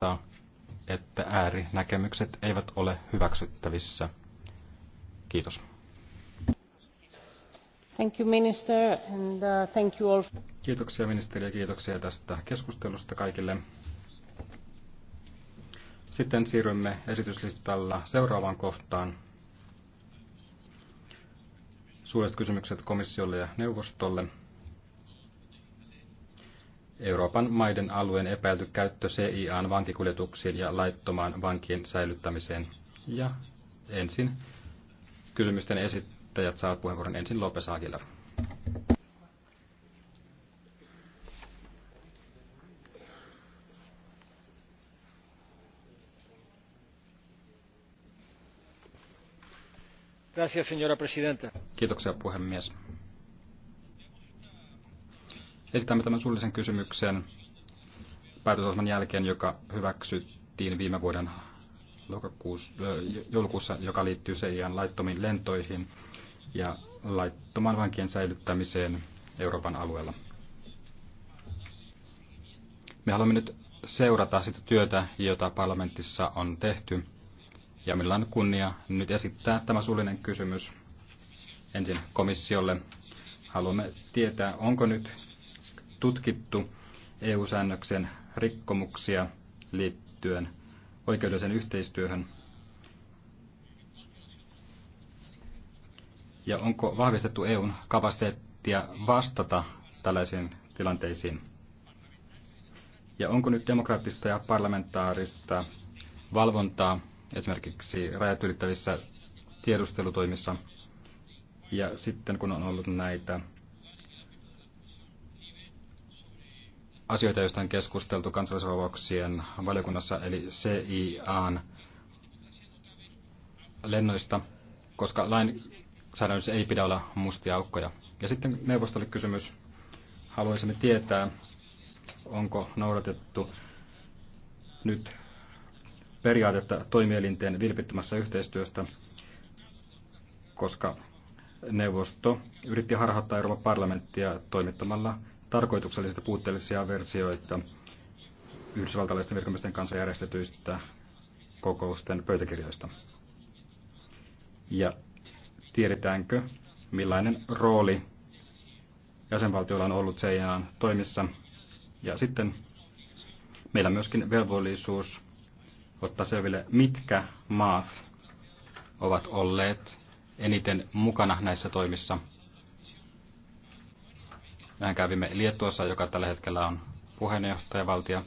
osoittaa, että äärinäkemykset eivät ole hyväksyttävissä. Kiitos. Thank you, minister, and, uh, thank you all. Kiitoksia ministeri ja kiitoksia tästä keskustelusta kaikille. Sitten siirrymme esityslistalla seuraavaan kohtaan. Suuret kysymykset komissiolle ja neuvostolle. Euroopan maiden alueen epäilty käyttö CIAn vankikuljetuksiin ja laittomaan vankien säilyttämiseen. Ja ensin kysymysten esittäjät saavat puheenvuoron ensin Lopes Aguilar. señora presidenta. Kiitoksia puhemies esitämme tämän suullisen kysymyksen päätösosman jälkeen, joka hyväksyttiin viime vuoden joulukuussa, joka liittyy CIAn laittomiin lentoihin ja laittoman vankien säilyttämiseen Euroopan alueella. Me haluamme nyt seurata sitä työtä, jota parlamentissa on tehty, ja meillä on kunnia nyt esittää tämä suullinen kysymys ensin komissiolle. Haluamme tietää, onko nyt tutkittu EU-säännöksen rikkomuksia liittyen oikeudelliseen yhteistyöhön? Ja onko vahvistettu EUn kapasiteettia vastata tällaisiin tilanteisiin? Ja onko nyt demokraattista ja parlamentaarista valvontaa esimerkiksi rajat ylittävissä tiedustelutoimissa? Ja sitten kun on ollut näitä asioita, joista on keskusteltu kansallisvapauksien valiokunnassa, eli CIAn lennoista, koska lainsäädännössä ei pidä olla mustia aukkoja. Ja sitten neuvostolle kysymys. Haluaisimme tietää, onko noudatettu nyt periaatetta toimielinten vilpittömästä yhteistyöstä, koska neuvosto yritti harhauttaa Euroopan parlamenttia toimittamalla tarkoituksellisesti puutteellisia versioita yhdysvaltalaisten virkamiesten kanssa järjestetyistä kokousten pöytäkirjoista. Ja tiedetäänkö, millainen rooli jäsenvaltioilla on ollut CIAn toimissa. Ja sitten meillä on myöskin velvollisuus ottaa selville, mitkä maat ovat olleet eniten mukana näissä toimissa – Mehän kävimme Liettuossa, joka tällä hetkellä on puheenjohtajavaltio,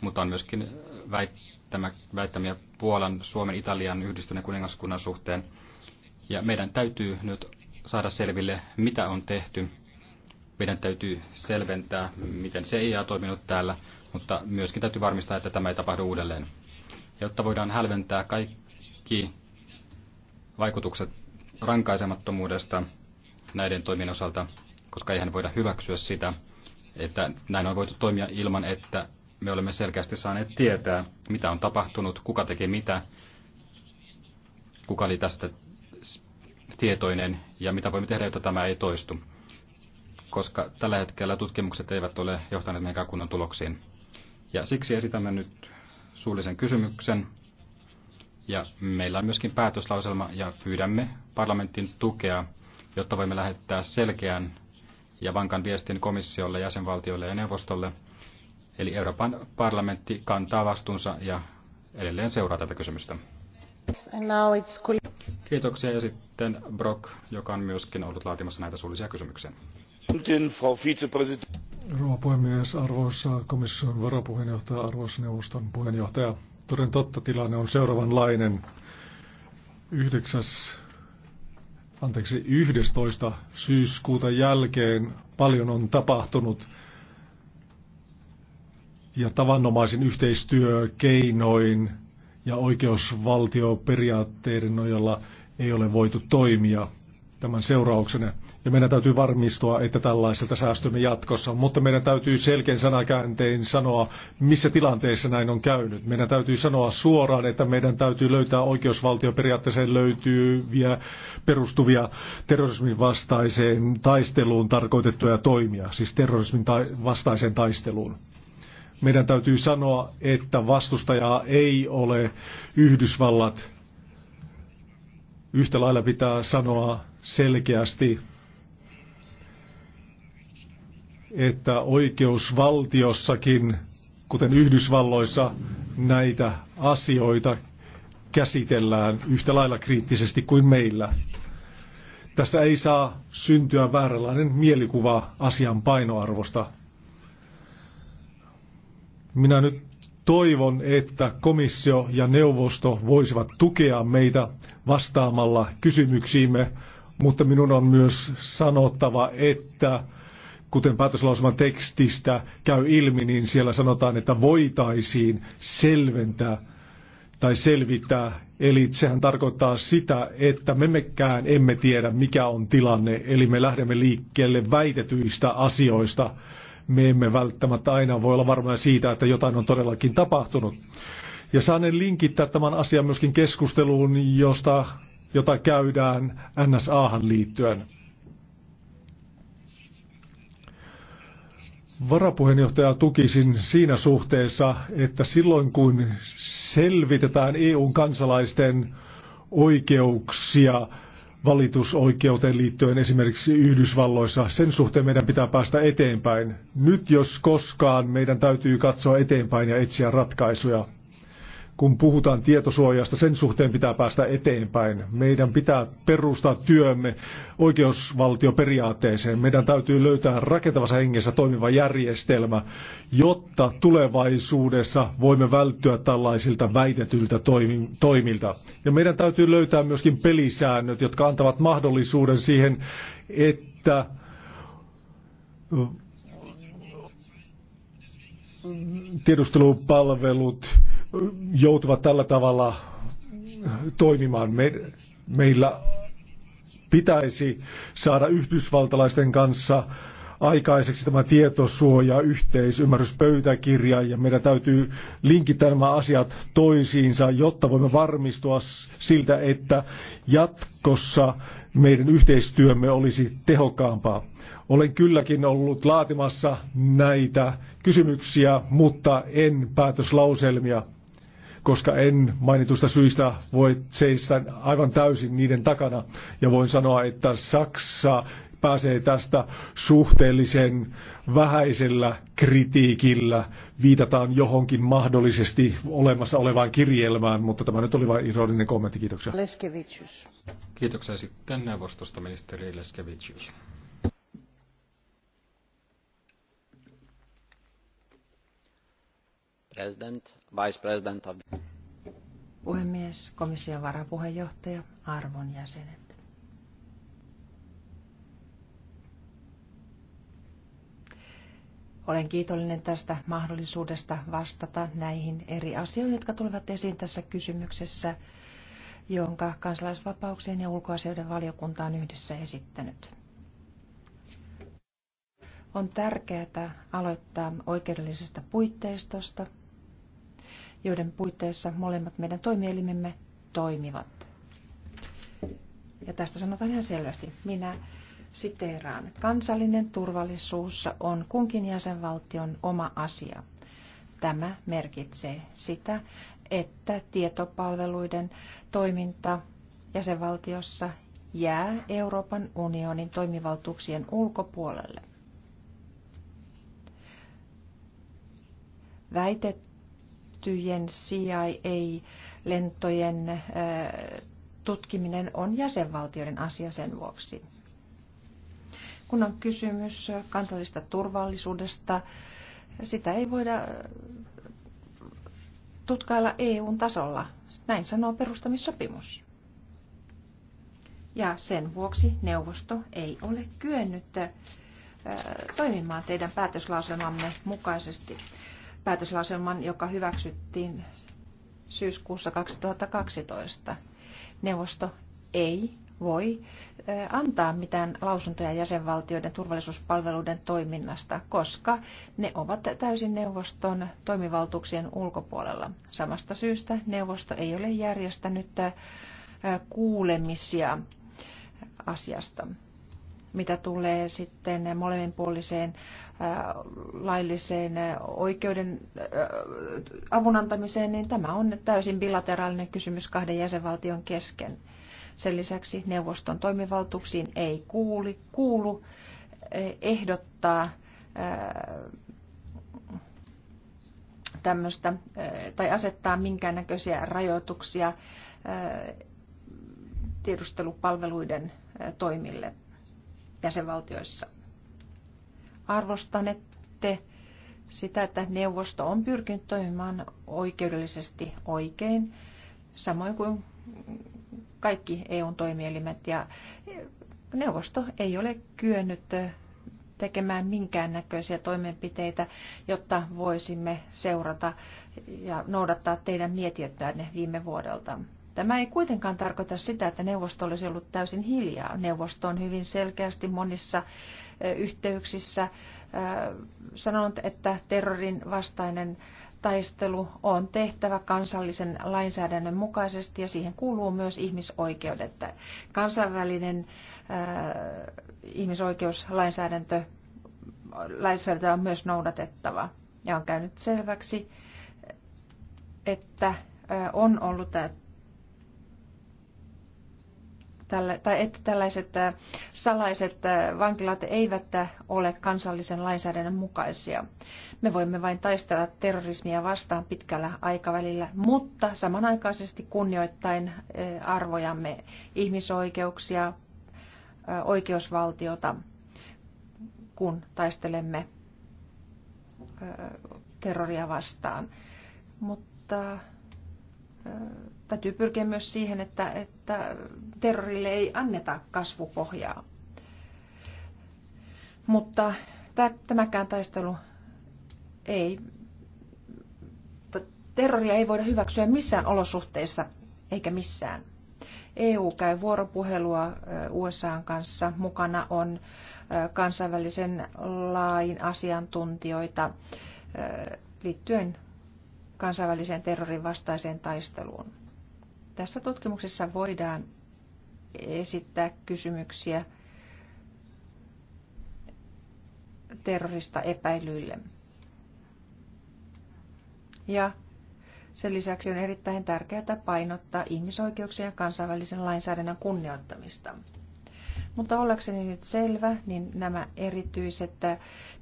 mutta on myöskin väittämä, väittämiä Puolan, Suomen, Italian, yhdistyneen kuningaskunnan suhteen. Ja meidän täytyy nyt saada selville, mitä on tehty. Meidän täytyy selventää, miten CIA ole toiminut täällä, mutta myöskin täytyy varmistaa, että tämä ei tapahdu uudelleen. Jotta voidaan hälventää kaikki vaikutukset rankaisemattomuudesta näiden toimien osalta, koska eihän voida hyväksyä sitä, että näin on voitu toimia ilman, että me olemme selkeästi saaneet tietää, mitä on tapahtunut, kuka teki mitä, kuka oli tästä tietoinen ja mitä voimme tehdä, jotta tämä ei toistu. Koska tällä hetkellä tutkimukset eivät ole johtaneet meidän kunnon tuloksiin. Ja siksi esitämme nyt suullisen kysymyksen. Ja meillä on myöskin päätöslauselma ja pyydämme parlamentin tukea, jotta voimme lähettää selkeän ja vankan viestin komissiolle, jäsenvaltioille ja neuvostolle. Eli Euroopan parlamentti kantaa vastuunsa ja edelleen seuraa tätä kysymystä. Kiitoksia ja sitten Brock, joka on myöskin ollut laatimassa näitä suullisia kysymyksiä. Rouva puhemies, arvoisa komission varapuheenjohtaja, arvoisa neuvoston puheenjohtaja. Toden totta tilanne on seuraavanlainen. 9 anteeksi, 11. syyskuuta jälkeen paljon on tapahtunut ja tavanomaisin yhteistyökeinoin ja oikeusvaltioperiaatteiden nojalla ei ole voitu toimia tämän seurauksena. Ja meidän täytyy varmistua, että tällaiselta säästymme jatkossa. Mutta meidän täytyy selkeän sanakääntein sanoa, missä tilanteessa näin on käynyt. Meidän täytyy sanoa suoraan, että meidän täytyy löytää oikeusvaltioperiaatteeseen löytyviä perustuvia terrorismin vastaiseen taisteluun tarkoitettuja toimia. Siis terrorismin ta- vastaiseen taisteluun meidän täytyy sanoa, että vastustajaa ei ole Yhdysvallat. Yhtä lailla pitää sanoa selkeästi, että oikeusvaltiossakin, kuten Yhdysvalloissa, näitä asioita käsitellään yhtä lailla kriittisesti kuin meillä. Tässä ei saa syntyä vääränlainen mielikuva asian painoarvosta. Minä nyt toivon, että komissio ja neuvosto voisivat tukea meitä vastaamalla kysymyksiimme, mutta minun on myös sanottava, että kuten päätöslausuman tekstistä käy ilmi, niin siellä sanotaan, että voitaisiin selventää tai selvittää. Eli sehän tarkoittaa sitä, että me mekään emme tiedä, mikä on tilanne. Eli me lähdemme liikkeelle väitetyistä asioista. Me emme välttämättä aina voi olla varmoja siitä, että jotain on todellakin tapahtunut. Ja saanen linkittää tämän asian myöskin keskusteluun, josta, jota käydään NSAhan liittyen. Varapuheenjohtaja tukisin siinä suhteessa, että silloin kun selvitetään EUn kansalaisten oikeuksia valitusoikeuteen liittyen esimerkiksi Yhdysvalloissa, sen suhteen meidän pitää päästä eteenpäin. Nyt jos koskaan meidän täytyy katsoa eteenpäin ja etsiä ratkaisuja kun puhutaan tietosuojasta, sen suhteen pitää päästä eteenpäin. Meidän pitää perustaa työmme oikeusvaltioperiaatteeseen. Meidän täytyy löytää rakentavassa hengessä toimiva järjestelmä, jotta tulevaisuudessa voimme välttyä tällaisilta väitetyiltä toimilta. Ja meidän täytyy löytää myöskin pelisäännöt, jotka antavat mahdollisuuden siihen, että tiedustelupalvelut joutuvat tällä tavalla toimimaan. Me, meillä pitäisi saada yhdysvaltalaisten kanssa aikaiseksi tämä tietosuoja, yhteisymmärrys, pöytäkirja ja meidän täytyy linkittää nämä asiat toisiinsa, jotta voimme varmistua siltä, että jatkossa meidän yhteistyömme olisi tehokkaampaa. Olen kylläkin ollut laatimassa näitä kysymyksiä, mutta en päätöslauselmia koska en mainitusta syistä voi seistä aivan täysin niiden takana. Ja voin sanoa, että Saksa pääsee tästä suhteellisen vähäisellä kritiikillä. Viitataan johonkin mahdollisesti olemassa olevaan kirjelmään, mutta tämä nyt oli vain ironinen kommentti. Kiitoksia. Leskevicius. Kiitoksia sitten neuvostosta ministeri Leskevicius. President, Vice President of... Puhemies, komission varapuheenjohtaja, arvon jäsenet. Olen kiitollinen tästä mahdollisuudesta vastata näihin eri asioihin, jotka tulevat esiin tässä kysymyksessä, jonka kansalaisvapauksien ja ulkoasioiden valiokunta on yhdessä esittänyt. On tärkeää aloittaa oikeudellisesta puitteistosta, joiden puitteissa molemmat meidän toimielimemme toimivat. Ja tästä sanotaan ihan selvästi. Minä siteeraan. Kansallinen turvallisuus on kunkin jäsenvaltion oma asia. Tämä merkitsee sitä, että tietopalveluiden toiminta jäsenvaltiossa jää Euroopan unionin toimivaltuuksien ulkopuolelle. Väitet tiettyjen CIA-lentojen tutkiminen on jäsenvaltioiden asia sen vuoksi. Kun on kysymys kansallista turvallisuudesta, sitä ei voida tutkailla EUn tasolla. Näin sanoo perustamissopimus. Ja sen vuoksi neuvosto ei ole kyennyt toimimaan teidän päätöslauselmanne mukaisesti päätöslauselman, joka hyväksyttiin syyskuussa 2012. Neuvosto ei voi antaa mitään lausuntoja jäsenvaltioiden turvallisuuspalveluiden toiminnasta, koska ne ovat täysin neuvoston toimivaltuuksien ulkopuolella. Samasta syystä neuvosto ei ole järjestänyt kuulemisia asiasta mitä tulee sitten molemminpuoliseen lailliseen oikeuden avunantamiseen, niin tämä on täysin bilateraalinen kysymys kahden jäsenvaltion kesken. Sen lisäksi neuvoston toimivaltuuksiin ei kuuli, kuulu ehdottaa tämmöistä tai asettaa minkäännäköisiä rajoituksia tiedustelupalveluiden toimille jäsenvaltioissa. Arvostanette sitä, että neuvosto on pyrkinyt toimimaan oikeudellisesti oikein, samoin kuin kaikki eu toimielimet. Ja neuvosto ei ole kyennyt tekemään minkäännäköisiä toimenpiteitä, jotta voisimme seurata ja noudattaa teidän mietiötänne viime vuodelta. Tämä ei kuitenkaan tarkoita sitä, että neuvosto olisi ollut täysin hiljaa. Neuvosto on hyvin selkeästi monissa yhteyksissä sanonut, että terrorin vastainen taistelu on tehtävä kansallisen lainsäädännön mukaisesti ja siihen kuuluu myös ihmisoikeudet. Kansainvälinen ihmisoikeuslainsäädäntö lainsäädäntö on myös noudatettava. Ja on käynyt selväksi, että on ollut tai että tällaiset äh, salaiset äh, vankilat eivät äh, ole kansallisen lainsäädännön mukaisia. Me voimme vain taistella terrorismia vastaan pitkällä aikavälillä, mutta samanaikaisesti kunnioittain arvojamme ihmisoikeuksia, oikeusvaltiota, kun taistelemme terroria vastaan. Mutta täytyy pyrkiä myös siihen, että, että terrorille ei anneta kasvupohjaa. Mutta tämäkään taistelu ei, terroria ei voida hyväksyä missään olosuhteissa eikä missään. EU käy vuoropuhelua USAn kanssa. Mukana on kansainvälisen lain asiantuntijoita liittyen kansainväliseen terrorin vastaiseen taisteluun. Tässä tutkimuksessa voidaan esittää kysymyksiä terrorista epäilyille. Ja sen lisäksi on erittäin tärkeää painottaa ihmisoikeuksien ja kansainvälisen lainsäädännön kunnioittamista. Mutta ollakseni nyt selvä, niin nämä erityiset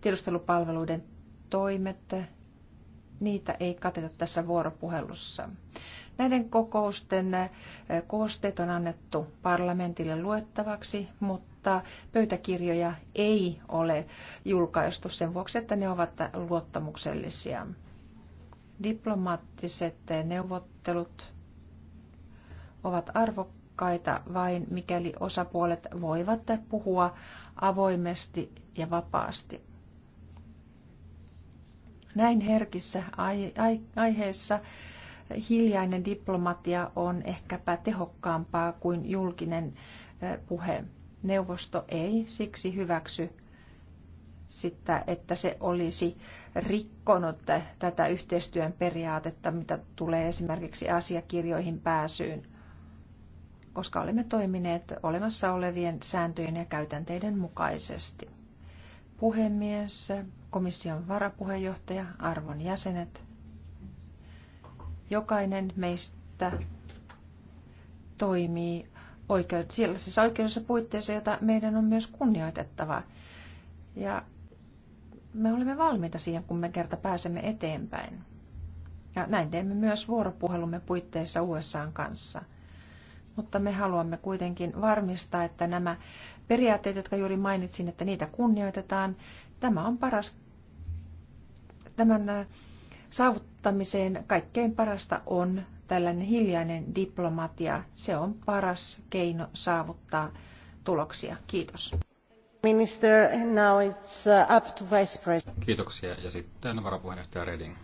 tiedustelupalveluiden toimet niitä ei kateta tässä vuoropuhelussa. Näiden kokousten eh, koosteet on annettu parlamentille luettavaksi, mutta pöytäkirjoja ei ole julkaistu sen vuoksi, että ne ovat luottamuksellisia. Diplomaattiset neuvottelut ovat arvokkaita vain, mikäli osapuolet voivat puhua avoimesti ja vapaasti. Näin herkissä aiheessa hiljainen diplomatia on ehkäpä tehokkaampaa kuin julkinen puhe. Neuvosto ei siksi hyväksy sitä, että se olisi rikkonut tätä yhteistyön periaatetta, mitä tulee esimerkiksi asiakirjoihin pääsyyn, koska olemme toimineet olemassa olevien sääntöjen ja käytänteiden mukaisesti. Puhemies, komission varapuheenjohtaja, arvon jäsenet. Jokainen meistä toimii oikeud- sellaisissa oikeudellisissa puitteissa, jota meidän on myös kunnioitettava. Ja me olemme valmiita siihen, kun me kerta pääsemme eteenpäin. Ja näin teemme myös vuoropuhelumme puitteissa USA kanssa. Mutta me haluamme kuitenkin varmistaa, että nämä periaatteet, jotka juuri mainitsin, että niitä kunnioitetaan Tämä on paras, tämän äh, saavuttamiseen kaikkein parasta on tällainen hiljainen diplomatia. Se on paras keino saavuttaa tuloksia. Kiitos. Minister, now it's uh, up to Vice President. Kiitoksia. Ja sitten varapuheenjohtaja Reding.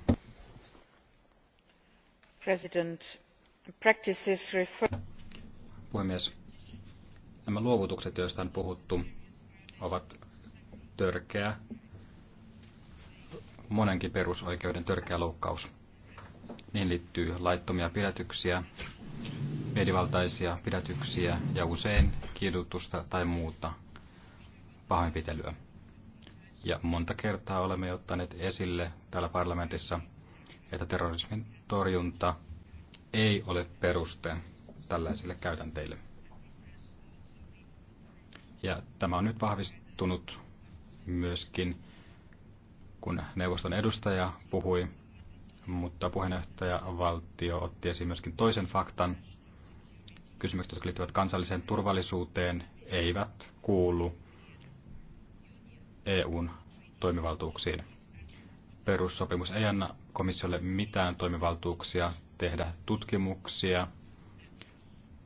President, practices refer... Puhemies, nämä luovutukset, joista on puhuttu, ovat törkeä, monenkin perusoikeuden törkeä loukkaus. Niin liittyy laittomia pidätyksiä, mielivaltaisia pidätyksiä ja usein kidutusta tai muuta pahoinpitelyä. Ja monta kertaa olemme ottaneet esille täällä parlamentissa, että terrorismin torjunta ei ole peruste tällaisille käytänteille. Ja tämä on nyt vahvistunut myöskin, kun neuvoston edustaja puhui, mutta valtio otti esiin myöskin toisen faktan. Kysymykset, jotka liittyvät kansalliseen turvallisuuteen, eivät kuulu EUn toimivaltuuksiin. Perussopimus ei anna komissiolle mitään toimivaltuuksia tehdä tutkimuksia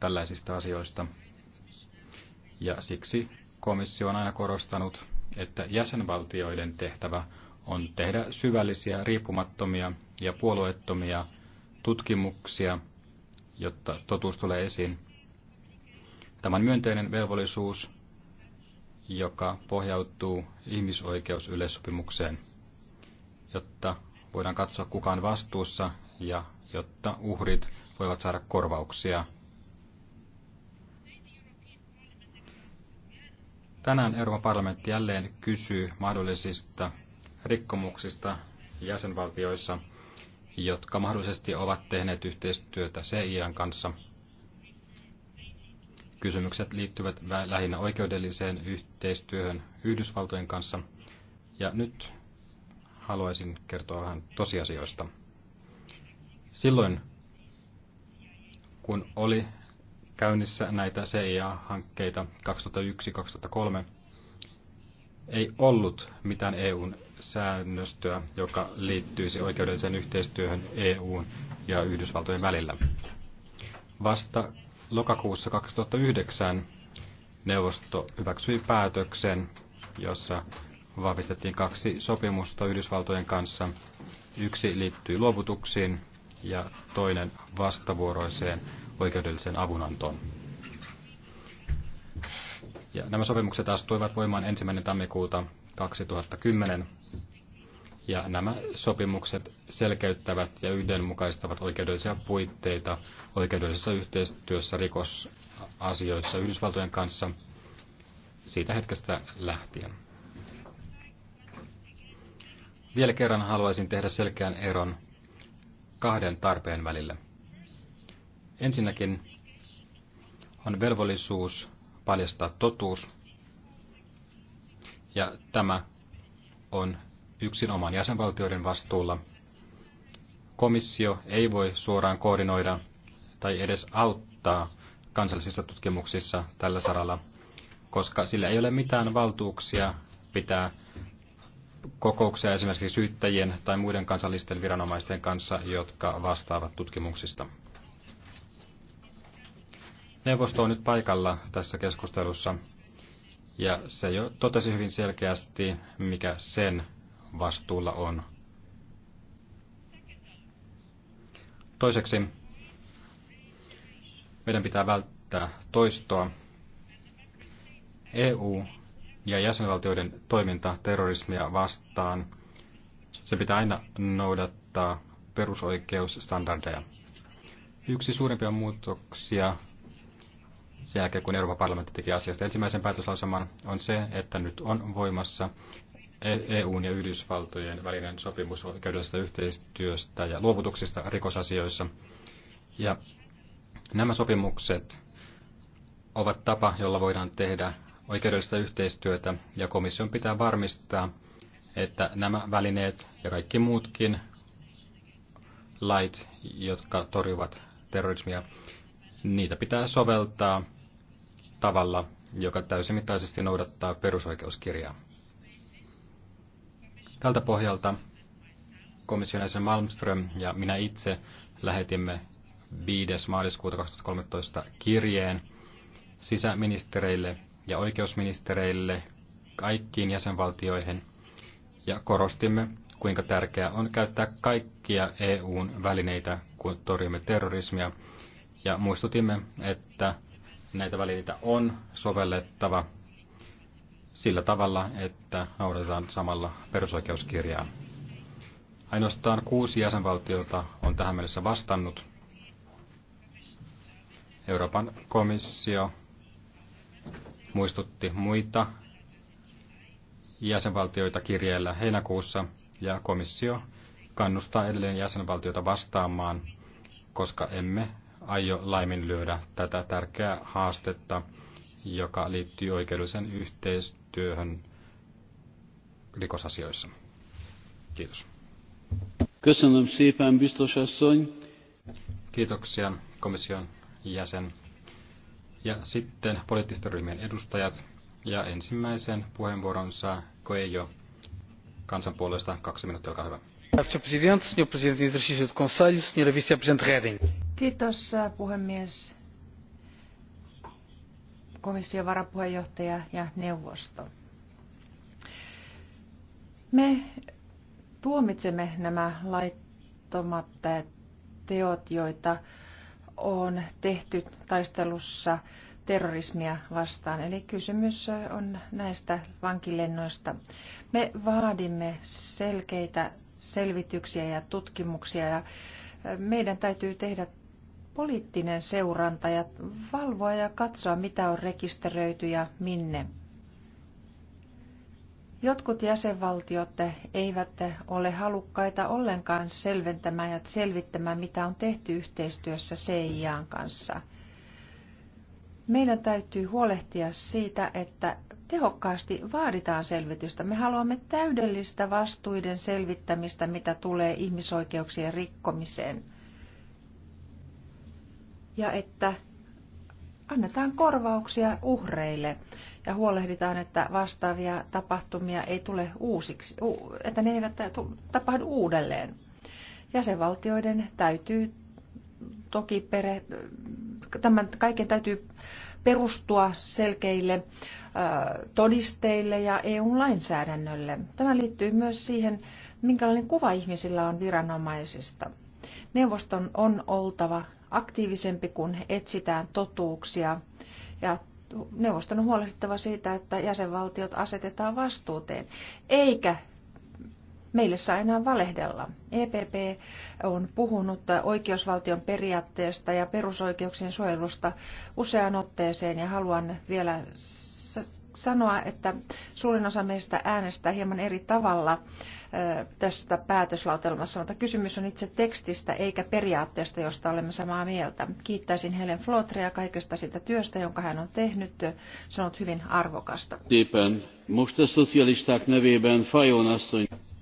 tällaisista asioista. Ja siksi komissio on aina korostanut, että jäsenvaltioiden tehtävä on tehdä syvällisiä, riippumattomia ja puolueettomia tutkimuksia, jotta totuus tulee esiin. Tämän myönteinen velvollisuus, joka pohjautuu ihmisoikeusyleissopimukseen, jotta voidaan katsoa kukaan vastuussa ja jotta uhrit voivat saada korvauksia Tänään Euroopan parlamentti jälleen kysyy mahdollisista rikkomuksista jäsenvaltioissa, jotka mahdollisesti ovat tehneet yhteistyötä CIAn kanssa. Kysymykset liittyvät lähinnä oikeudelliseen yhteistyöhön Yhdysvaltojen kanssa. Ja nyt haluaisin kertoa vähän tosiasioista. Silloin, kun oli käynnissä näitä CIA-hankkeita 2001-2003, ei ollut mitään EUn säännöstöä, joka liittyisi oikeudelliseen yhteistyöhön EUn ja Yhdysvaltojen välillä. Vasta lokakuussa 2009 neuvosto hyväksyi päätöksen, jossa vahvistettiin kaksi sopimusta Yhdysvaltojen kanssa. Yksi liittyy luovutuksiin ja toinen vastavuoroiseen oikeudelliseen avunantoon. Ja nämä sopimukset astuivat voimaan ensimmäinen tammikuuta 2010. Ja nämä sopimukset selkeyttävät ja yhdenmukaistavat oikeudellisia puitteita oikeudellisessa yhteistyössä rikosasioissa Yhdysvaltojen kanssa siitä hetkestä lähtien. Vielä kerran haluaisin tehdä selkeän eron kahden tarpeen välille. Ensinnäkin on velvollisuus paljastaa totuus, ja tämä on yksin oman jäsenvaltioiden vastuulla. Komissio ei voi suoraan koordinoida tai edes auttaa kansallisissa tutkimuksissa tällä saralla, koska sillä ei ole mitään valtuuksia pitää kokouksia esimerkiksi syyttäjien tai muiden kansallisten viranomaisten kanssa, jotka vastaavat tutkimuksista. Neuvosto on nyt paikalla tässä keskustelussa ja se jo totesi hyvin selkeästi, mikä sen vastuulla on. Toiseksi meidän pitää välttää toistoa. EU ja jäsenvaltioiden toiminta terrorismia vastaan, se pitää aina noudattaa perusoikeusstandardeja. Yksi suurimpia muutoksia sen jälkeen, kun Euroopan parlamentti teki asiasta ensimmäisen päätöslauselman, on se, että nyt on voimassa EUn e ja Yhdysvaltojen välinen sopimus oikeudellisesta yhteistyöstä ja luovutuksista rikosasioissa. Ja nämä sopimukset ovat tapa, jolla voidaan tehdä oikeudellista yhteistyötä, ja komission pitää varmistaa, että nämä välineet ja kaikki muutkin lait, jotka torjuvat terrorismia, niitä pitää soveltaa tavalla, joka täysimittaisesti noudattaa perusoikeuskirjaa. Tältä pohjalta komission jäsen Malmström ja minä itse lähetimme 5. maaliskuuta 2013 kirjeen sisäministereille ja oikeusministereille kaikkiin jäsenvaltioihin ja korostimme, kuinka tärkeää on käyttää kaikkia EUn välineitä, kun torjumme terrorismia, ja muistutimme, että näitä välineitä on sovellettava sillä tavalla, että noudatetaan samalla perusoikeuskirjaa. Ainoastaan kuusi jäsenvaltiota on tähän mennessä vastannut. Euroopan komissio muistutti muita jäsenvaltioita kirjeellä heinäkuussa ja komissio kannustaa edelleen jäsenvaltioita vastaamaan, koska emme aio laiminlyödä tätä tärkeää haastetta, joka liittyy oikeudellisen yhteistyöhön rikosasioissa. Kiitos. Köszönöm szépen, biztos asszony. Kiitoksia komission jäsen. Ja sitten poliittisten ryhmien edustajat. Ja ensimmäisen puheenvuoron saa Koejo kansanpuolesta. Kaksi minuuttia, olkaa hyvä. Presidente, Sr. Presidente em exercício do Conselho, Reding. Kiitos äh, puhemies, komission varapuheenjohtaja ja neuvosto. Me tuomitsemme nämä laittomat teot, joita on tehty taistelussa terrorismia vastaan. Eli kysymys on näistä vankilennoista. Me vaadimme selkeitä selvityksiä ja tutkimuksia ja meidän täytyy tehdä poliittinen seuranta ja valvoa ja katsoa, mitä on rekisteröity ja minne. Jotkut jäsenvaltiot eivät ole halukkaita ollenkaan selventämään ja selvittämään, mitä on tehty yhteistyössä CIAn kanssa. Meidän täytyy huolehtia siitä, että tehokkaasti vaaditaan selvitystä. Me haluamme täydellistä vastuiden selvittämistä, mitä tulee ihmisoikeuksien rikkomiseen – ja että annetaan korvauksia uhreille ja huolehditaan, että vastaavia tapahtumia ei tule uusiksi, että ne eivät tapahdu uudelleen. Jäsenvaltioiden täytyy toki pere, tämän kaiken täytyy perustua selkeille todisteille ja EU-lainsäädännölle. Tämä liittyy myös siihen, minkälainen kuva ihmisillä on viranomaisista. Neuvoston on oltava aktiivisempi, kun etsitään totuuksia. Ja neuvoston on huolehdittava siitä, että jäsenvaltiot asetetaan vastuuteen, eikä meille saa enää valehdella. EPP on puhunut oikeusvaltion periaatteesta ja perusoikeuksien suojelusta useaan otteeseen ja haluan vielä sanoa, että suurin osa meistä äänestää hieman eri tavalla tästä päätöslautelmassa, mutta kysymys on itse tekstistä eikä periaatteesta, josta olemme samaa mieltä. Kiittäisin Helen Flotrea kaikesta sitä työstä, jonka hän on tehnyt. Se on ollut hyvin arvokasta.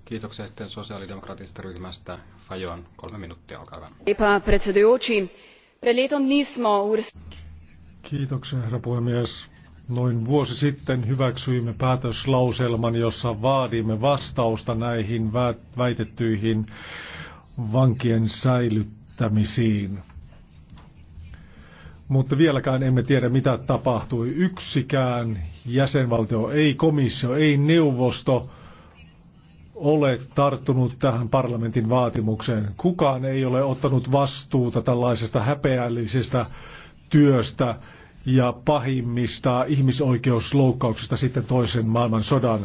Kiitoksia sitten sosiaalidemokraattisesta ryhmästä. Fajon, kolme minuuttia, olkaa hyvä. Kiitoksia, herra puhemies Noin vuosi sitten hyväksyimme päätöslauselman, jossa vaadimme vastausta näihin väitettyihin vankien säilyttämisiin. Mutta vieläkään emme tiedä, mitä tapahtui. Yksikään jäsenvaltio, ei komissio, ei neuvosto ole tarttunut tähän parlamentin vaatimukseen. Kukaan ei ole ottanut vastuuta tällaisesta häpeällisestä työstä, ja pahimmista ihmisoikeusloukkauksista sitten toisen maailmansodan.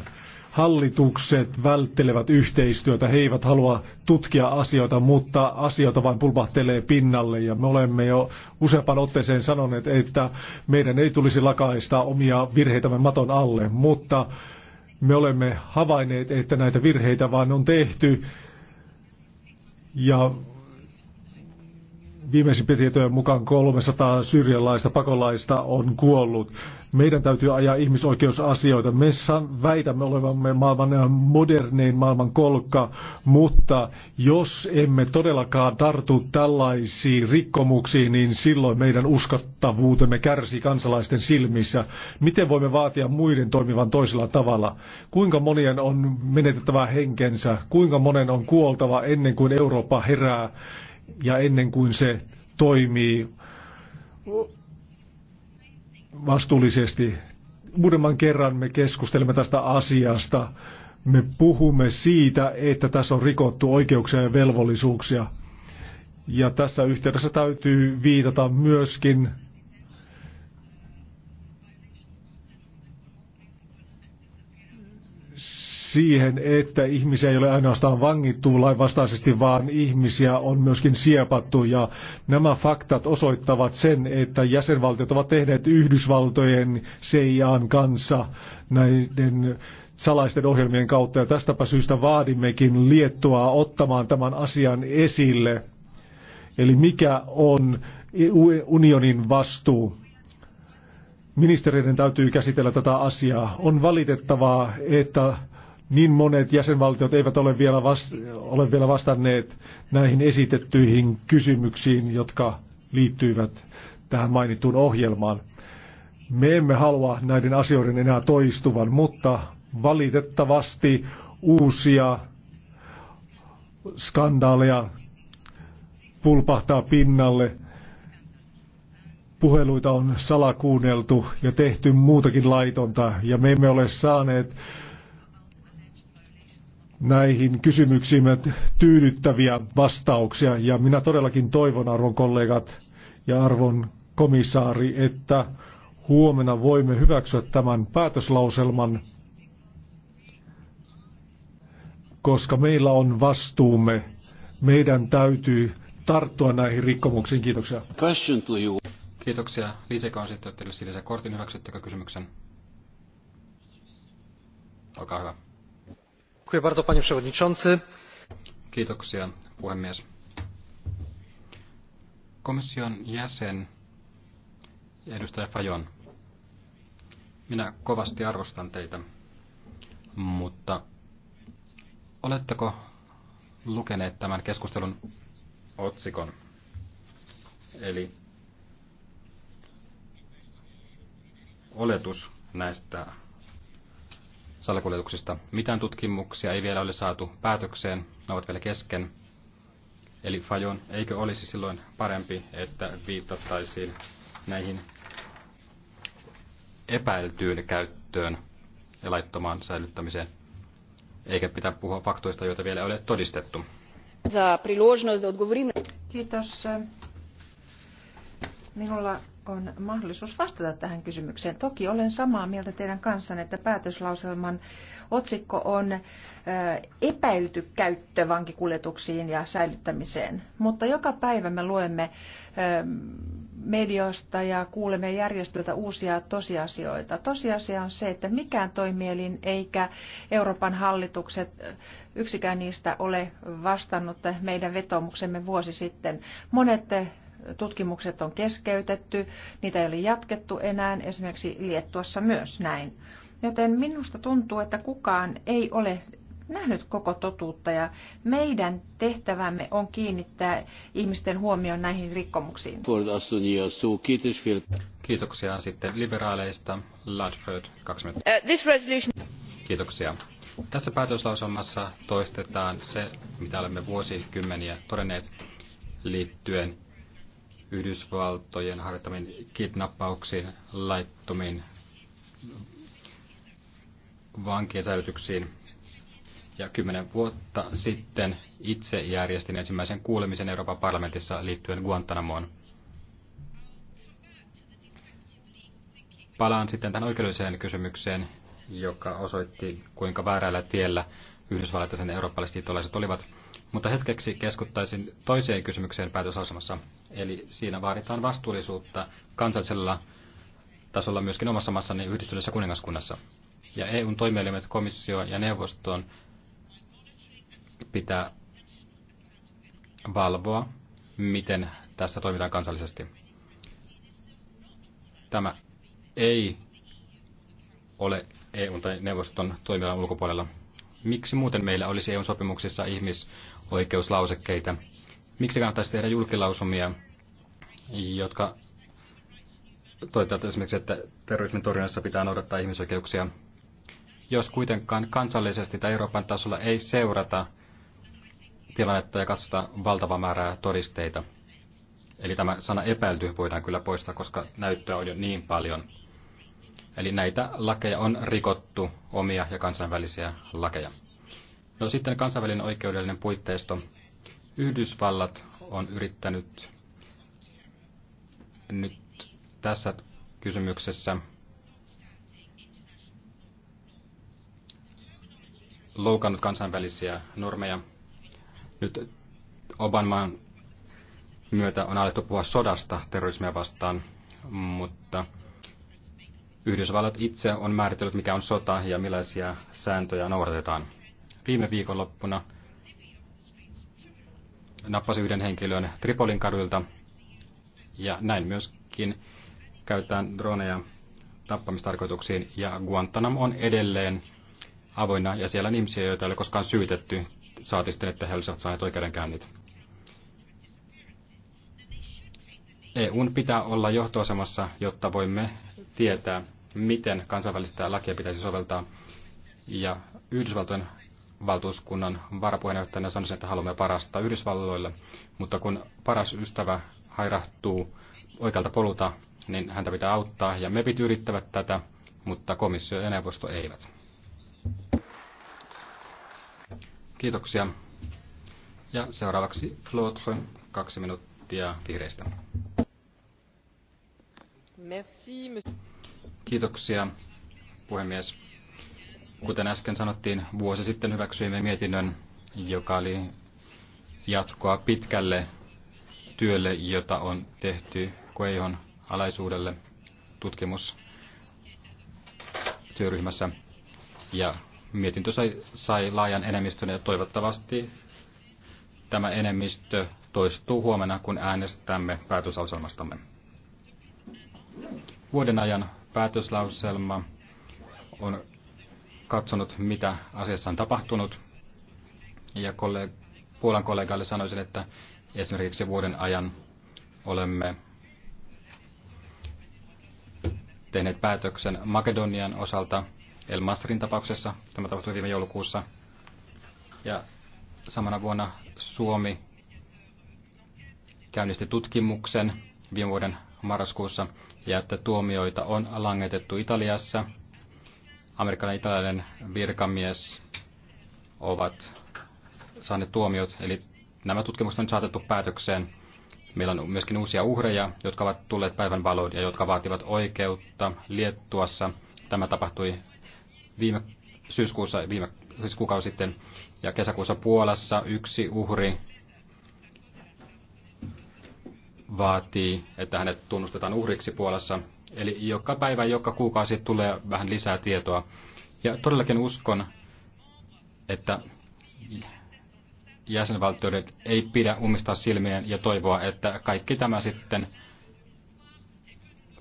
Hallitukset välttelevät yhteistyötä, he eivät halua tutkia asioita, mutta asioita vain pulpahtelee pinnalle. Ja me olemme jo useampaan otteeseen sanoneet, että meidän ei tulisi lakaista omia virheitämme maton alle, mutta me olemme havainneet, että näitä virheitä vain on tehty ja Viimeisimpien tietojen mukaan 300 syrjalaista pakolaista on kuollut. Meidän täytyy ajaa ihmisoikeusasioita. Me väitämme olevamme maailman äh, modernein maailman kolkka, mutta jos emme todellakaan tartu tällaisiin rikkomuksiin, niin silloin meidän uskottavuutemme kärsii kansalaisten silmissä. Miten voimme vaatia muiden toimivan toisella tavalla? Kuinka monien on menetettävä henkensä? Kuinka monen on kuoltava ennen kuin Eurooppa herää? ja ennen kuin se toimii vastuullisesti. Uudemman kerran me keskustelemme tästä asiasta. Me puhumme siitä, että tässä on rikottu oikeuksia ja velvollisuuksia. Ja tässä yhteydessä täytyy viitata myöskin siihen, että ihmisiä ei ole ainoastaan vangittu lainvastaisesti, vaan ihmisiä on myöskin siepattu. Ja nämä faktat osoittavat sen, että jäsenvaltiot ovat tehneet Yhdysvaltojen CIAn kanssa näiden salaisten ohjelmien kautta. Ja tästäpä syystä vaadimmekin Liettua ottamaan tämän asian esille. Eli mikä on unionin vastuu? Ministeriöiden täytyy käsitellä tätä asiaa. On valitettavaa, että niin monet jäsenvaltiot eivät ole vielä, vast- ole vielä vastanneet näihin esitettyihin kysymyksiin, jotka liittyivät tähän mainittuun ohjelmaan. Me emme halua näiden asioiden enää toistuvan, mutta valitettavasti uusia skandaaleja pulpahtaa pinnalle. Puheluita on salakuunneltu ja tehty muutakin laitonta ja me emme ole saaneet näihin kysymyksiin tyydyttäviä vastauksia. Ja minä todellakin toivon, arvon kollegat ja arvon komissaari, että huomenna voimme hyväksyä tämän päätöslauselman, koska meillä on vastuumme. Meidän täytyy tarttua näihin rikkomuksiin. Kiitoksia. Kiitoksia. Liisekä on sitten teille sinisen kortin. Hyväksyttekö kysymyksen? Olkaa hyvä panie przewodniczący! Kiitoksia puhemies. Komission jäsen edustaja Fajon, minä kovasti arvostan teitä, mutta oletteko lukeneet tämän keskustelun otsikon? Eli oletus näistä salakuljetuksista. Mitään tutkimuksia ei vielä ole saatu päätökseen, ne ovat vielä kesken. Eli Fajon, eikö olisi silloin parempi, että viitattaisiin näihin epäiltyyn käyttöön ja laittomaan säilyttämiseen, eikä pitää puhua faktoista, joita vielä ei ole todistettu. Kiitos. Minulla on mahdollisuus vastata tähän kysymykseen. Toki olen samaa mieltä teidän kanssanne, että päätöslauselman otsikko on epäilty käyttö vankikuljetuksiin ja säilyttämiseen. Mutta joka päivä me luemme mediosta ja kuulemme järjestöltä uusia tosiasioita. Tosiasia on se, että mikään toimielin eikä Euroopan hallitukset, yksikään niistä ole vastannut meidän vetomuksemme vuosi sitten. Monet tutkimukset on keskeytetty, niitä ei ole jatkettu enää, esimerkiksi Liettuassa myös näin. Joten minusta tuntuu, että kukaan ei ole nähnyt koko totuutta ja meidän tehtävämme on kiinnittää ihmisten huomioon näihin rikkomuksiin. Kiitoksia sitten liberaaleista. Ladford, kaksi uh, this resolution... Kiitoksia. Tässä päätöslauselmassa toistetaan se, mitä olemme vuosikymmeniä todenneet liittyen Yhdysvaltojen harjoittamiin kidnappauksiin, laittomiin vankien säilytyksiin. Ja kymmenen vuotta sitten itse järjestin ensimmäisen kuulemisen Euroopan parlamentissa liittyen Guantanamoon. Palaan sitten tähän oikeudelliseen kysymykseen, joka osoitti, kuinka väärällä tiellä yhdysvallat ja sen eurooppalaiset liittolaiset olivat – mutta hetkeksi keskuttaisin toiseen kysymykseen päätösasemassa. Eli siinä vaaditaan vastuullisuutta kansallisella tasolla myöskin omassa maassani yhdistyneessä kuningaskunnassa. Ja EUn toimielimet komissioon ja neuvostoon pitää valvoa, miten tässä toimitaan kansallisesti. Tämä ei ole EUn tai neuvoston toimialan ulkopuolella. Miksi muuten meillä olisi EUn sopimuksissa ihmis- oikeuslausekkeita. Miksi kannattaisi tehdä julkilausumia, jotka toivat esimerkiksi, että terrorismin torjunnassa pitää noudattaa ihmisoikeuksia, jos kuitenkaan kansallisesti tai Euroopan tasolla ei seurata tilannetta ja katsota valtava määrää todisteita. Eli tämä sana epäilty voidaan kyllä poistaa, koska näyttöä on jo niin paljon. Eli näitä lakeja on rikottu, omia ja kansainvälisiä lakeja. No sitten kansainvälinen oikeudellinen puitteisto. Yhdysvallat on yrittänyt nyt tässä kysymyksessä loukannut kansainvälisiä normeja. Nyt Obamaan myötä on alettu puhua sodasta terrorismia vastaan, mutta Yhdysvallat itse on määritellyt, mikä on sota ja millaisia sääntöjä noudatetaan viime viikonloppuna nappasi yhden henkilön Tripolin kaduilta ja näin myöskin käytetään droneja tappamistarkoituksiin ja Guantanamo on edelleen avoinna ja siellä on ihmisiä, joita ei ole koskaan syytetty, saati sitten, että he olisivat saaneet oikeudenkäynnit. EUn pitää olla johtoasemassa, jotta voimme tietää, miten kansainvälistä lakia pitäisi soveltaa. Ja Yhdysvaltojen valtuuskunnan varapuheenjohtajana sanoisin, että haluamme parasta Yhdysvalloille, mutta kun paras ystävä hairahtuu oikealta polulta, niin häntä pitää auttaa, ja MEPit yrittävät tätä, mutta komissio ja neuvosto eivät. Kiitoksia. Ja seuraavaksi Flotre, kaksi minuuttia vihreistä. Merci, Kiitoksia, puhemies. Kuten äsken sanottiin, vuosi sitten hyväksyimme mietinnön, joka oli jatkoa pitkälle työlle, jota on tehty Koeihon alaisuudelle tutkimustyöryhmässä. Ja mietintö sai, sai laajan enemmistön ja toivottavasti tämä enemmistö toistuu huomenna, kun äänestämme päätöslauselmastamme. Vuoden ajan päätöslauselma on katsonut, mitä asiassa on tapahtunut. Ja kollega, Puolan kollegalle sanoisin, että esimerkiksi vuoden ajan olemme tehneet päätöksen Makedonian osalta El Masrin tapauksessa. Tämä tapahtui viime joulukuussa. Ja samana vuonna Suomi käynnisti tutkimuksen viime vuoden marraskuussa ja että tuomioita on langetettu Italiassa – amerikkalainen italialainen virkamies ovat saaneet tuomiot, eli nämä tutkimukset on saatettu päätökseen. Meillä on myöskin uusia uhreja, jotka ovat tulleet päivän valoon ja jotka vaativat oikeutta Liettuassa. Tämä tapahtui viime syyskuussa, viime siis kuukausi sitten, ja kesäkuussa Puolassa yksi uhri vaatii, että hänet tunnustetaan uhriksi Puolassa, Eli joka päivä, joka kuukausi tulee vähän lisää tietoa. Ja todellakin uskon, että jäsenvaltioiden ei pidä umistaa silmiään ja toivoa, että kaikki tämä sitten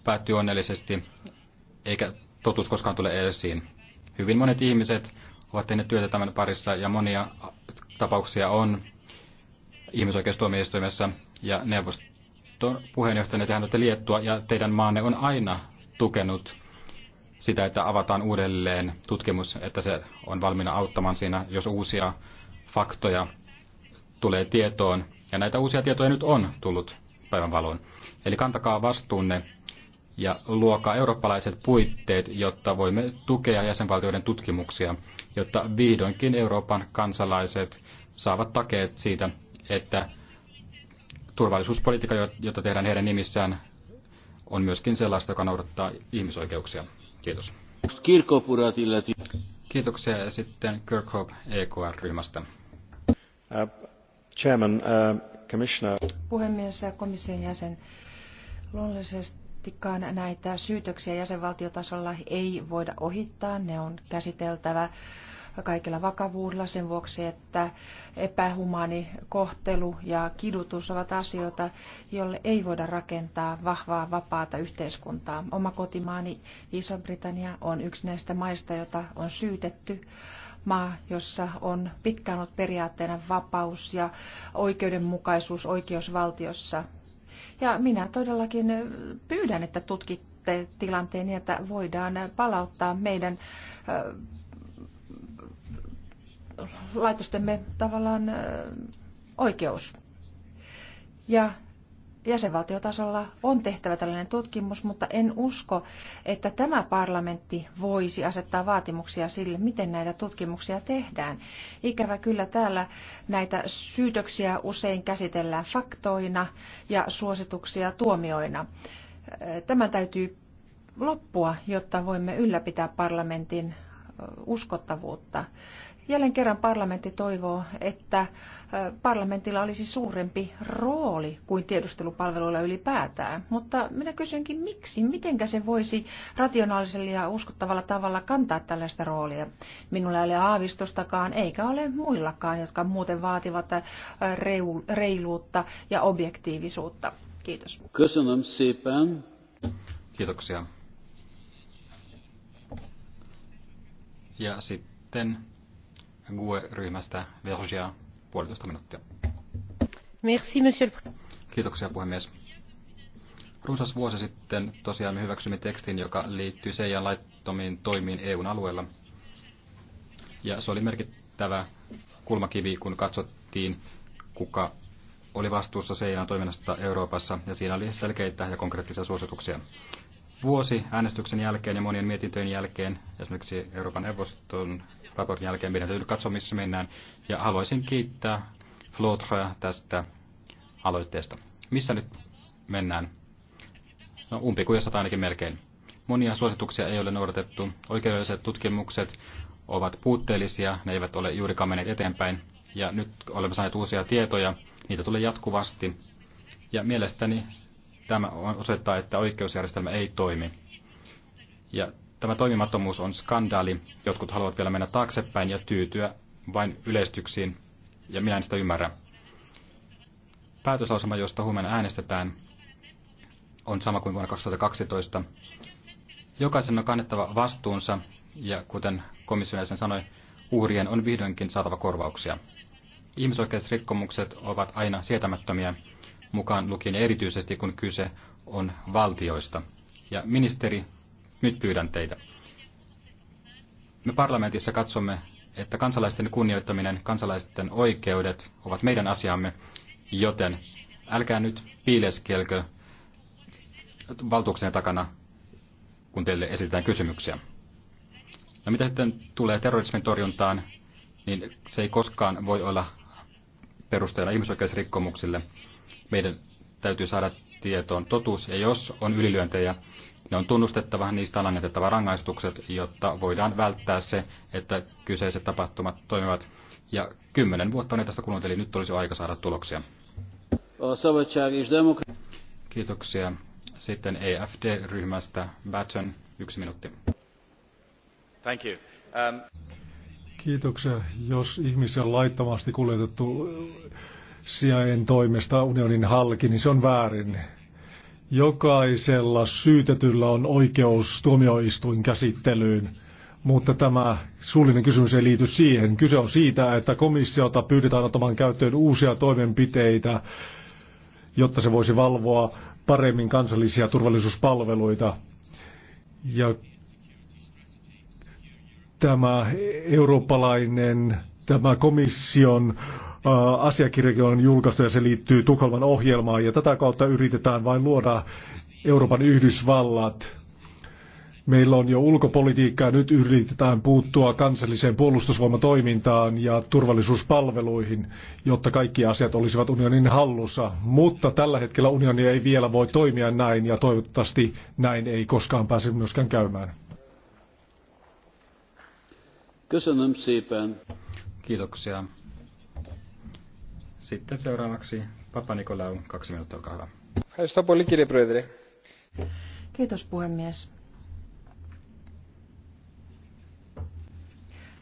päättyy onnellisesti, eikä totuus koskaan tule esiin. Hyvin monet ihmiset ovat tehneet työtä tämän parissa ja monia tapauksia on ihmisoikeustuomioistuimessa ja neuvostossa Liiton puheenjohtajana tehän olette Liettua ja teidän maanne on aina tukenut sitä, että avataan uudelleen tutkimus, että se on valmiina auttamaan siinä, jos uusia faktoja tulee tietoon. Ja näitä uusia tietoja nyt on tullut päivän valoon. Eli kantakaa vastuunne ja luokaa eurooppalaiset puitteet, jotta voimme tukea jäsenvaltioiden tutkimuksia, jotta vihdoinkin Euroopan kansalaiset saavat takeet siitä, että turvallisuuspolitiikka, jota tehdään heidän nimissään, on myöskin sellaista, joka noudattaa ihmisoikeuksia. Kiitos. Kiitoksia ja sitten Kirkhope EKR-ryhmästä. Uh, chairman, uh, commissioner. Puhemies ja komission jäsen. Luonnollisestikaan näitä syytöksiä jäsenvaltiotasolla ei voida ohittaa. Ne on käsiteltävä kaikella vakavuudella sen vuoksi, että epähumani kohtelu ja kidutus ovat asioita, jolle ei voida rakentaa vahvaa, vapaata yhteiskuntaa. Oma kotimaani Iso-Britannia on yksi näistä maista, jota on syytetty maa, jossa on pitkään ollut periaatteena vapaus ja oikeudenmukaisuus oikeusvaltiossa. Ja minä todellakin pyydän, että tutkitte tilanteen niin, että voidaan palauttaa meidän laitostemme tavallaan oikeus. Ja jäsenvaltiotasolla on tehtävä tällainen tutkimus, mutta en usko, että tämä parlamentti voisi asettaa vaatimuksia sille, miten näitä tutkimuksia tehdään. Ikävä kyllä täällä näitä syytöksiä usein käsitellään faktoina ja suosituksia tuomioina. Tämä täytyy loppua, jotta voimme ylläpitää parlamentin uskottavuutta. Jälleen kerran parlamentti toivoo, että parlamentilla olisi suurempi rooli kuin tiedustelupalveluilla ylipäätään. Mutta minä kysynkin, miksi, mitenkä se voisi rationaalisella ja uskottavalla tavalla kantaa tällaista roolia. Minulla ei ole aavistustakaan, eikä ole muillakaan, jotka muuten vaativat reiluutta ja objektiivisuutta. Kiitos. Kiitoksia. Ja sitten GUE-ryhmästä Vergia puolitoista minuuttia. Merci, monsieur le... Kiitoksia puhemies. Runsas vuosi sitten tosiaan me hyväksymme tekstin, joka liittyy CIAn laittomiin toimiin EUn alueella. Ja se oli merkittävä kulmakivi, kun katsottiin, kuka oli vastuussa Seijan toiminnasta Euroopassa, ja siinä oli selkeitä ja konkreettisia suosituksia. Vuosi äänestyksen jälkeen ja monien mietintöjen jälkeen, esimerkiksi Euroopan neuvoston raportin jälkeen meidän täytyy katsoa, missä mennään. Ja haluaisin kiittää Flotra tästä aloitteesta. Missä nyt mennään? No umpikujassa tai ainakin melkein. Monia suosituksia ei ole noudatettu. Oikeudelliset tutkimukset ovat puutteellisia, ne eivät ole juurikaan menneet eteenpäin. Ja nyt olemme saaneet uusia tietoja, niitä tulee jatkuvasti. Ja mielestäni tämä osoittaa, että oikeusjärjestelmä ei toimi. Ja Tämä toimimattomuus on skandaali. Jotkut haluavat vielä mennä taaksepäin ja tyytyä vain yleistyksiin, ja minä en sitä ymmärrä. Päätöslausuma, josta huomenna äänestetään, on sama kuin vuonna 2012. Jokaisen on kannettava vastuunsa, ja kuten komission jäsen sanoi, uhrien on vihdoinkin saatava korvauksia. Ihmisoikeusrikkomukset ovat aina sietämättömiä, mukaan lukien erityisesti kun kyse on valtioista. Ja ministeri nyt pyydän teitä. Me parlamentissa katsomme, että kansalaisten kunnioittaminen, kansalaisten oikeudet ovat meidän asiamme, joten älkää nyt piileskelkö valtuuksien takana, kun teille esitetään kysymyksiä. No mitä sitten tulee terrorismin torjuntaan, niin se ei koskaan voi olla perusteena ihmisoikeusrikkomuksille. Meidän täytyy saada tietoon totuus, ja jos on ylilyöntejä, ne on tunnustettava, niistä langetettava rangaistukset, jotta voidaan välttää se, että kyseiset tapahtumat toimivat. Ja kymmenen vuotta on tästä kulunut, eli nyt olisi aika saada tuloksia. Kiitoksia. Sitten EFD-ryhmästä Batson, yksi minuutti. Thank you. Um... Kiitoksia. Jos ihmisiä on laittomasti kuljetettu sijain toimesta unionin halki, niin se on väärin. Jokaisella syytetyllä on oikeus tuomioistuin käsittelyyn, mutta tämä suullinen kysymys ei liity siihen. Kyse on siitä, että komissiota pyydetään ottamaan käyttöön uusia toimenpiteitä, jotta se voisi valvoa paremmin kansallisia turvallisuuspalveluita. Ja tämä eurooppalainen, tämä komission asiakirjakin on julkaistu ja se liittyy Tukholman ohjelmaan ja tätä kautta yritetään vain luoda Euroopan Yhdysvallat. Meillä on jo ja nyt yritetään puuttua kansalliseen puolustusvoimatoimintaan ja turvallisuuspalveluihin, jotta kaikki asiat olisivat unionin hallussa. Mutta tällä hetkellä unioni ei vielä voi toimia näin ja toivottavasti näin ei koskaan pääse myöskään käymään. Kysyn Kiitoksia. Sitten seuraavaksi Papa Nikolaou, kaksi minuuttia, olkaa hyvä. Kiitos puhemies.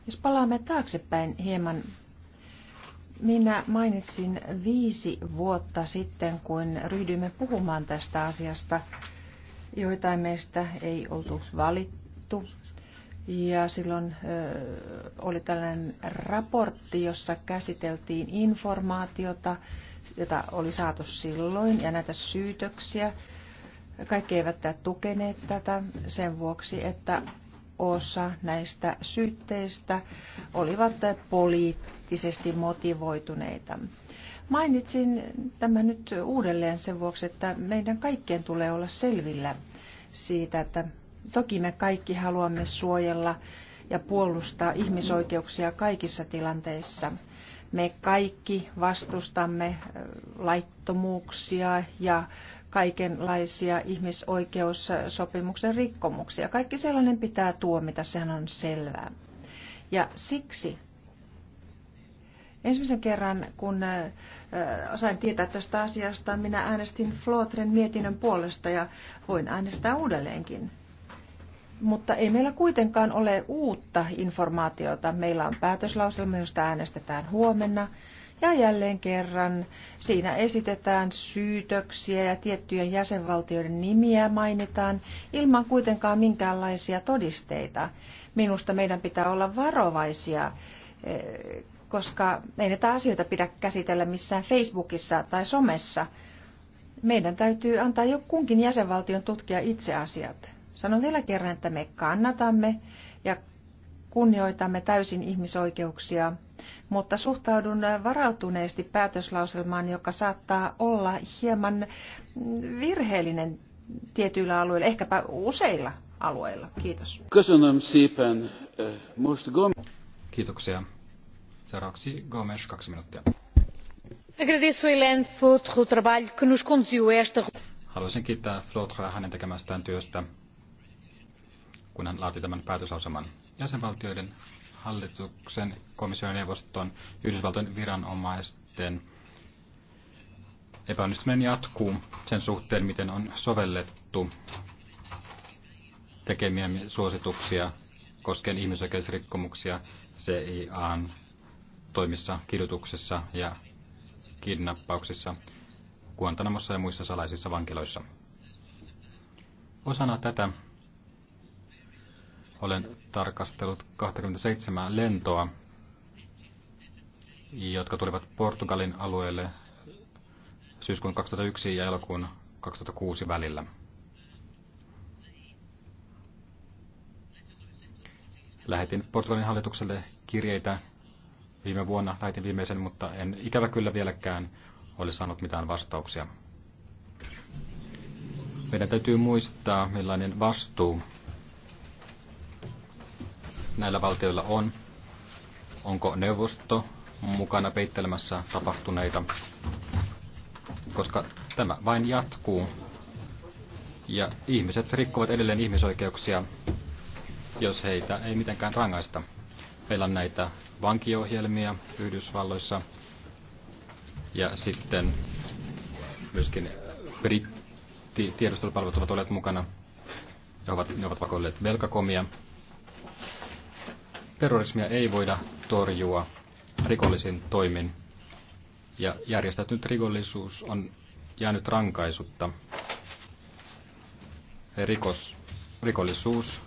Jos palaamme taaksepäin hieman, minä mainitsin viisi vuotta sitten, kun ryhdyimme puhumaan tästä asiasta. Joitain meistä ei oltu valittu ja silloin oli tällainen raportti, jossa käsiteltiin informaatiota, jota oli saatu silloin, ja näitä syytöksiä. Kaikki eivät tukeneet tätä sen vuoksi, että osa näistä syytteistä olivat poliittisesti motivoituneita. Mainitsin tämän nyt uudelleen sen vuoksi, että meidän kaikkien tulee olla selvillä siitä, että Toki me kaikki haluamme suojella ja puolustaa ihmisoikeuksia kaikissa tilanteissa. Me kaikki vastustamme laittomuuksia ja kaikenlaisia ihmisoikeussopimuksen rikkomuksia. Kaikki sellainen pitää tuomita, sehän on selvää. Ja siksi ensimmäisen kerran, kun sain tietää tästä asiasta, minä äänestin Flootren mietinnön puolesta ja voin äänestää uudelleenkin mutta ei meillä kuitenkaan ole uutta informaatiota. Meillä on päätöslauselma, josta äänestetään huomenna. Ja jälleen kerran siinä esitetään syytöksiä ja tiettyjen jäsenvaltioiden nimiä mainitaan ilman kuitenkaan minkäänlaisia todisteita. Minusta meidän pitää olla varovaisia, eh, koska ei näitä asioita pidä käsitellä missään Facebookissa tai somessa. Meidän täytyy antaa jo kunkin jäsenvaltion tutkia itse asiat. Sanon vielä kerran, että me kannatamme ja kunnioitamme täysin ihmisoikeuksia, mutta suhtaudun varautuneesti päätöslauselmaan, joka saattaa olla hieman virheellinen tietyillä alueilla, ehkäpä useilla alueilla. Kiitos. Eh, Kiitoksia. Seuraavaksi Gomes, kaksi minuuttia. Haluaisin kiittää Flotra hänen tekemästään työstä kun hän laati tämän päätöslauselman. Jäsenvaltioiden hallituksen, komission neuvoston, Yhdysvaltojen viranomaisten epäonnistuminen jatkuu sen suhteen, miten on sovellettu tekemiä suosituksia koskien ihmisoikeusrikkomuksia CIAn toimissa, kidutuksessa ja kidnappauksissa, Guantanamossa ja muissa salaisissa vankiloissa. Osana tätä olen tarkastellut 27 lentoa, jotka tulivat Portugalin alueelle syyskuun 2001 ja elokuun 2006 välillä. Lähetin Portugalin hallitukselle kirjeitä viime vuonna, lähetin viimeisen, mutta en ikävä kyllä vieläkään ole saanut mitään vastauksia. Meidän täytyy muistaa, millainen vastuu näillä valtioilla on. Onko neuvosto mukana peittelemässä tapahtuneita, koska tämä vain jatkuu. Ja ihmiset rikkovat edelleen ihmisoikeuksia, jos heitä ei mitenkään rangaista. Meillä on näitä vankiohjelmia Yhdysvalloissa ja sitten myöskin britti tiedustelupalvelut ovat olleet mukana. Ne ovat, ne ovat vakoilleet velkakomia Terrorismia ei voida torjua rikollisin toimin ja järjestäytynyt rikollisuus on jäänyt rankaisutta. Rikos, rikollisuus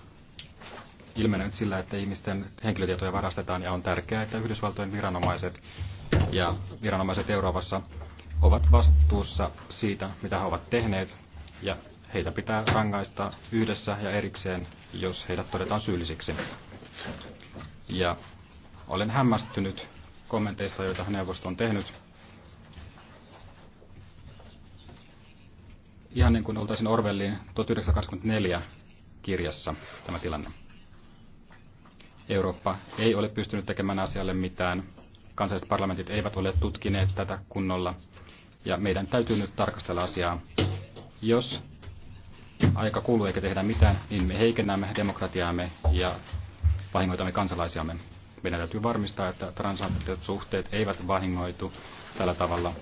ilmenee sillä, että ihmisten henkilötietoja varastetaan ja on tärkeää, että Yhdysvaltojen viranomaiset ja viranomaiset Euroopassa ovat vastuussa siitä, mitä he ovat tehneet ja heitä pitää rangaista yhdessä ja erikseen, jos heidät todetaan syyllisiksi. Ja olen hämmästynyt kommenteista, joita neuvosto on tehnyt. Ihan niin kuin oltaisiin Orwellin 1924 kirjassa tämä tilanne. Eurooppa ei ole pystynyt tekemään asialle mitään. Kansalliset parlamentit eivät ole tutkineet tätä kunnolla. Ja meidän täytyy nyt tarkastella asiaa. Jos aika kuluu eikä tehdä mitään, niin me heikennämme demokratiaamme ja vahingoitamme kansalaisiamme. Meidän täytyy varmistaa, että transatlanttiset suhteet eivät vahingoitu tällä tavalla.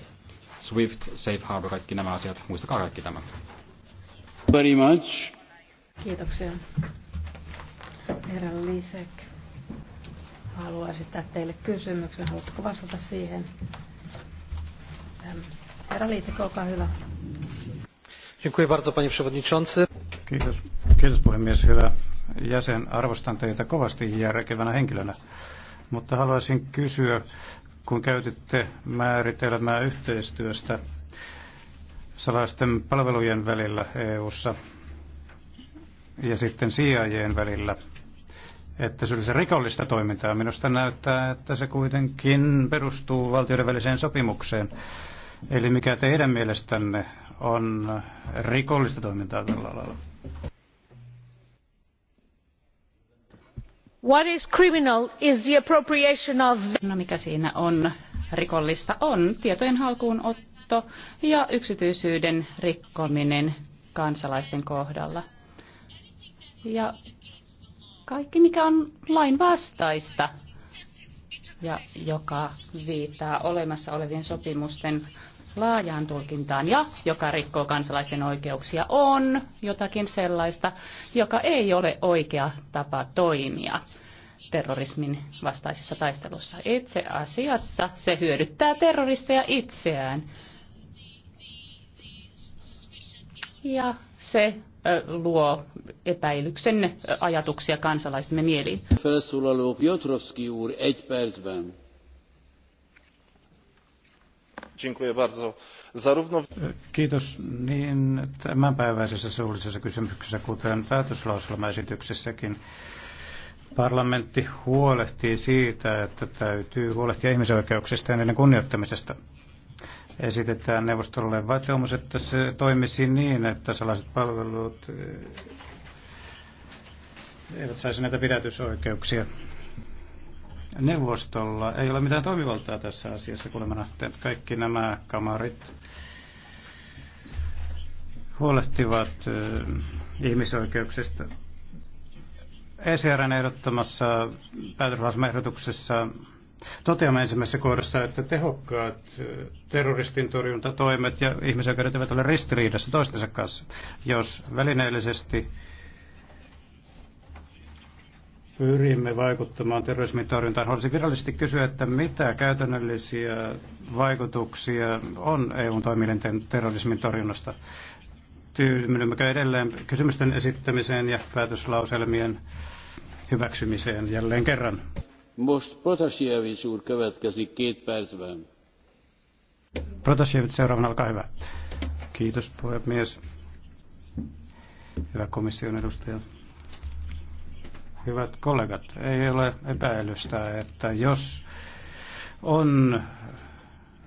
SWIFT, Safe Harbor, kaikki nämä asiat, muistakaa kaikki tämä. Very much. Kiitoksia. Herra Lisek haluaa esittää teille kysymyksen. Haluatteko vastata siihen? Ähm, herra Lisek, olkaa hyvä. Dziękuję bardzo, panie przewodniczący. Kiitos. Kiitos puhemies. Hyvä jäsen, arvostan teitä kovasti järkevänä henkilönä. Mutta haluaisin kysyä, kun käytitte määritelmää yhteistyöstä salaisten palvelujen välillä EU:ssa ja sitten CIA:n välillä, että se olisi rikollista toimintaa. Minusta näyttää, että se kuitenkin perustuu valtioiden väliseen sopimukseen. Eli mikä teidän mielestänne on rikollista toimintaa tällä alalla? What is criminal is the appropriation of... No mikä siinä on rikollista on tietojen halkuunotto ja yksityisyyden rikkominen kansalaisten kohdalla. Ja kaikki mikä on lain vastaista ja joka viittaa olemassa olevien sopimusten laajaan tulkintaan ja joka rikkoo kansalaisten oikeuksia on jotakin sellaista, joka ei ole oikea tapa toimia terrorismin vastaisessa taistelussa. Itse asiassa se hyödyttää terroristeja itseään. Ja se luo epäilyksen ajatuksia kansalaistemme mieliin. Zarówno... Kiitos. Niin tämänpäiväisessä suullisessa kysymyksessä, kuten päätöslauselmaesityksessäkin, parlamentti huolehtii siitä, että täytyy huolehtia ihmisoikeuksista ja niiden kunnioittamisesta. Esitetään neuvostolle vaatimus, että se toimisi niin, että sellaiset palvelut eh, eivät saisi näitä pidätysoikeuksia neuvostolla ei ole mitään toimivaltaa tässä asiassa, kuulemma että kaikki nämä kamarit huolehtivat ihmisoikeuksista. ECRn ehdottamassa päätöslausumaehdotuksessa toteamme ensimmäisessä kohdassa, että tehokkaat terroristin torjuntatoimet ja ihmisoikeudet eivät ole ristiriidassa toistensa kanssa, jos välineellisesti pyrimme vaikuttamaan terrorismin torjuntaan. Haluaisin virallisesti kysyä, että mitä käytännöllisiä vaikutuksia on EUn toimielinten terrorismin torjunnasta? Tyydymmekö edelleen kysymysten esittämiseen ja päätöslauselmien hyväksymiseen jälleen kerran? Most Protasievic úr következik két percben. Protasjevit seuraavana, olkaa hyvä. Kiitos puhemies. Hyvä komission edustaja. Hyvät kollegat, ei ole epäilystä, että jos on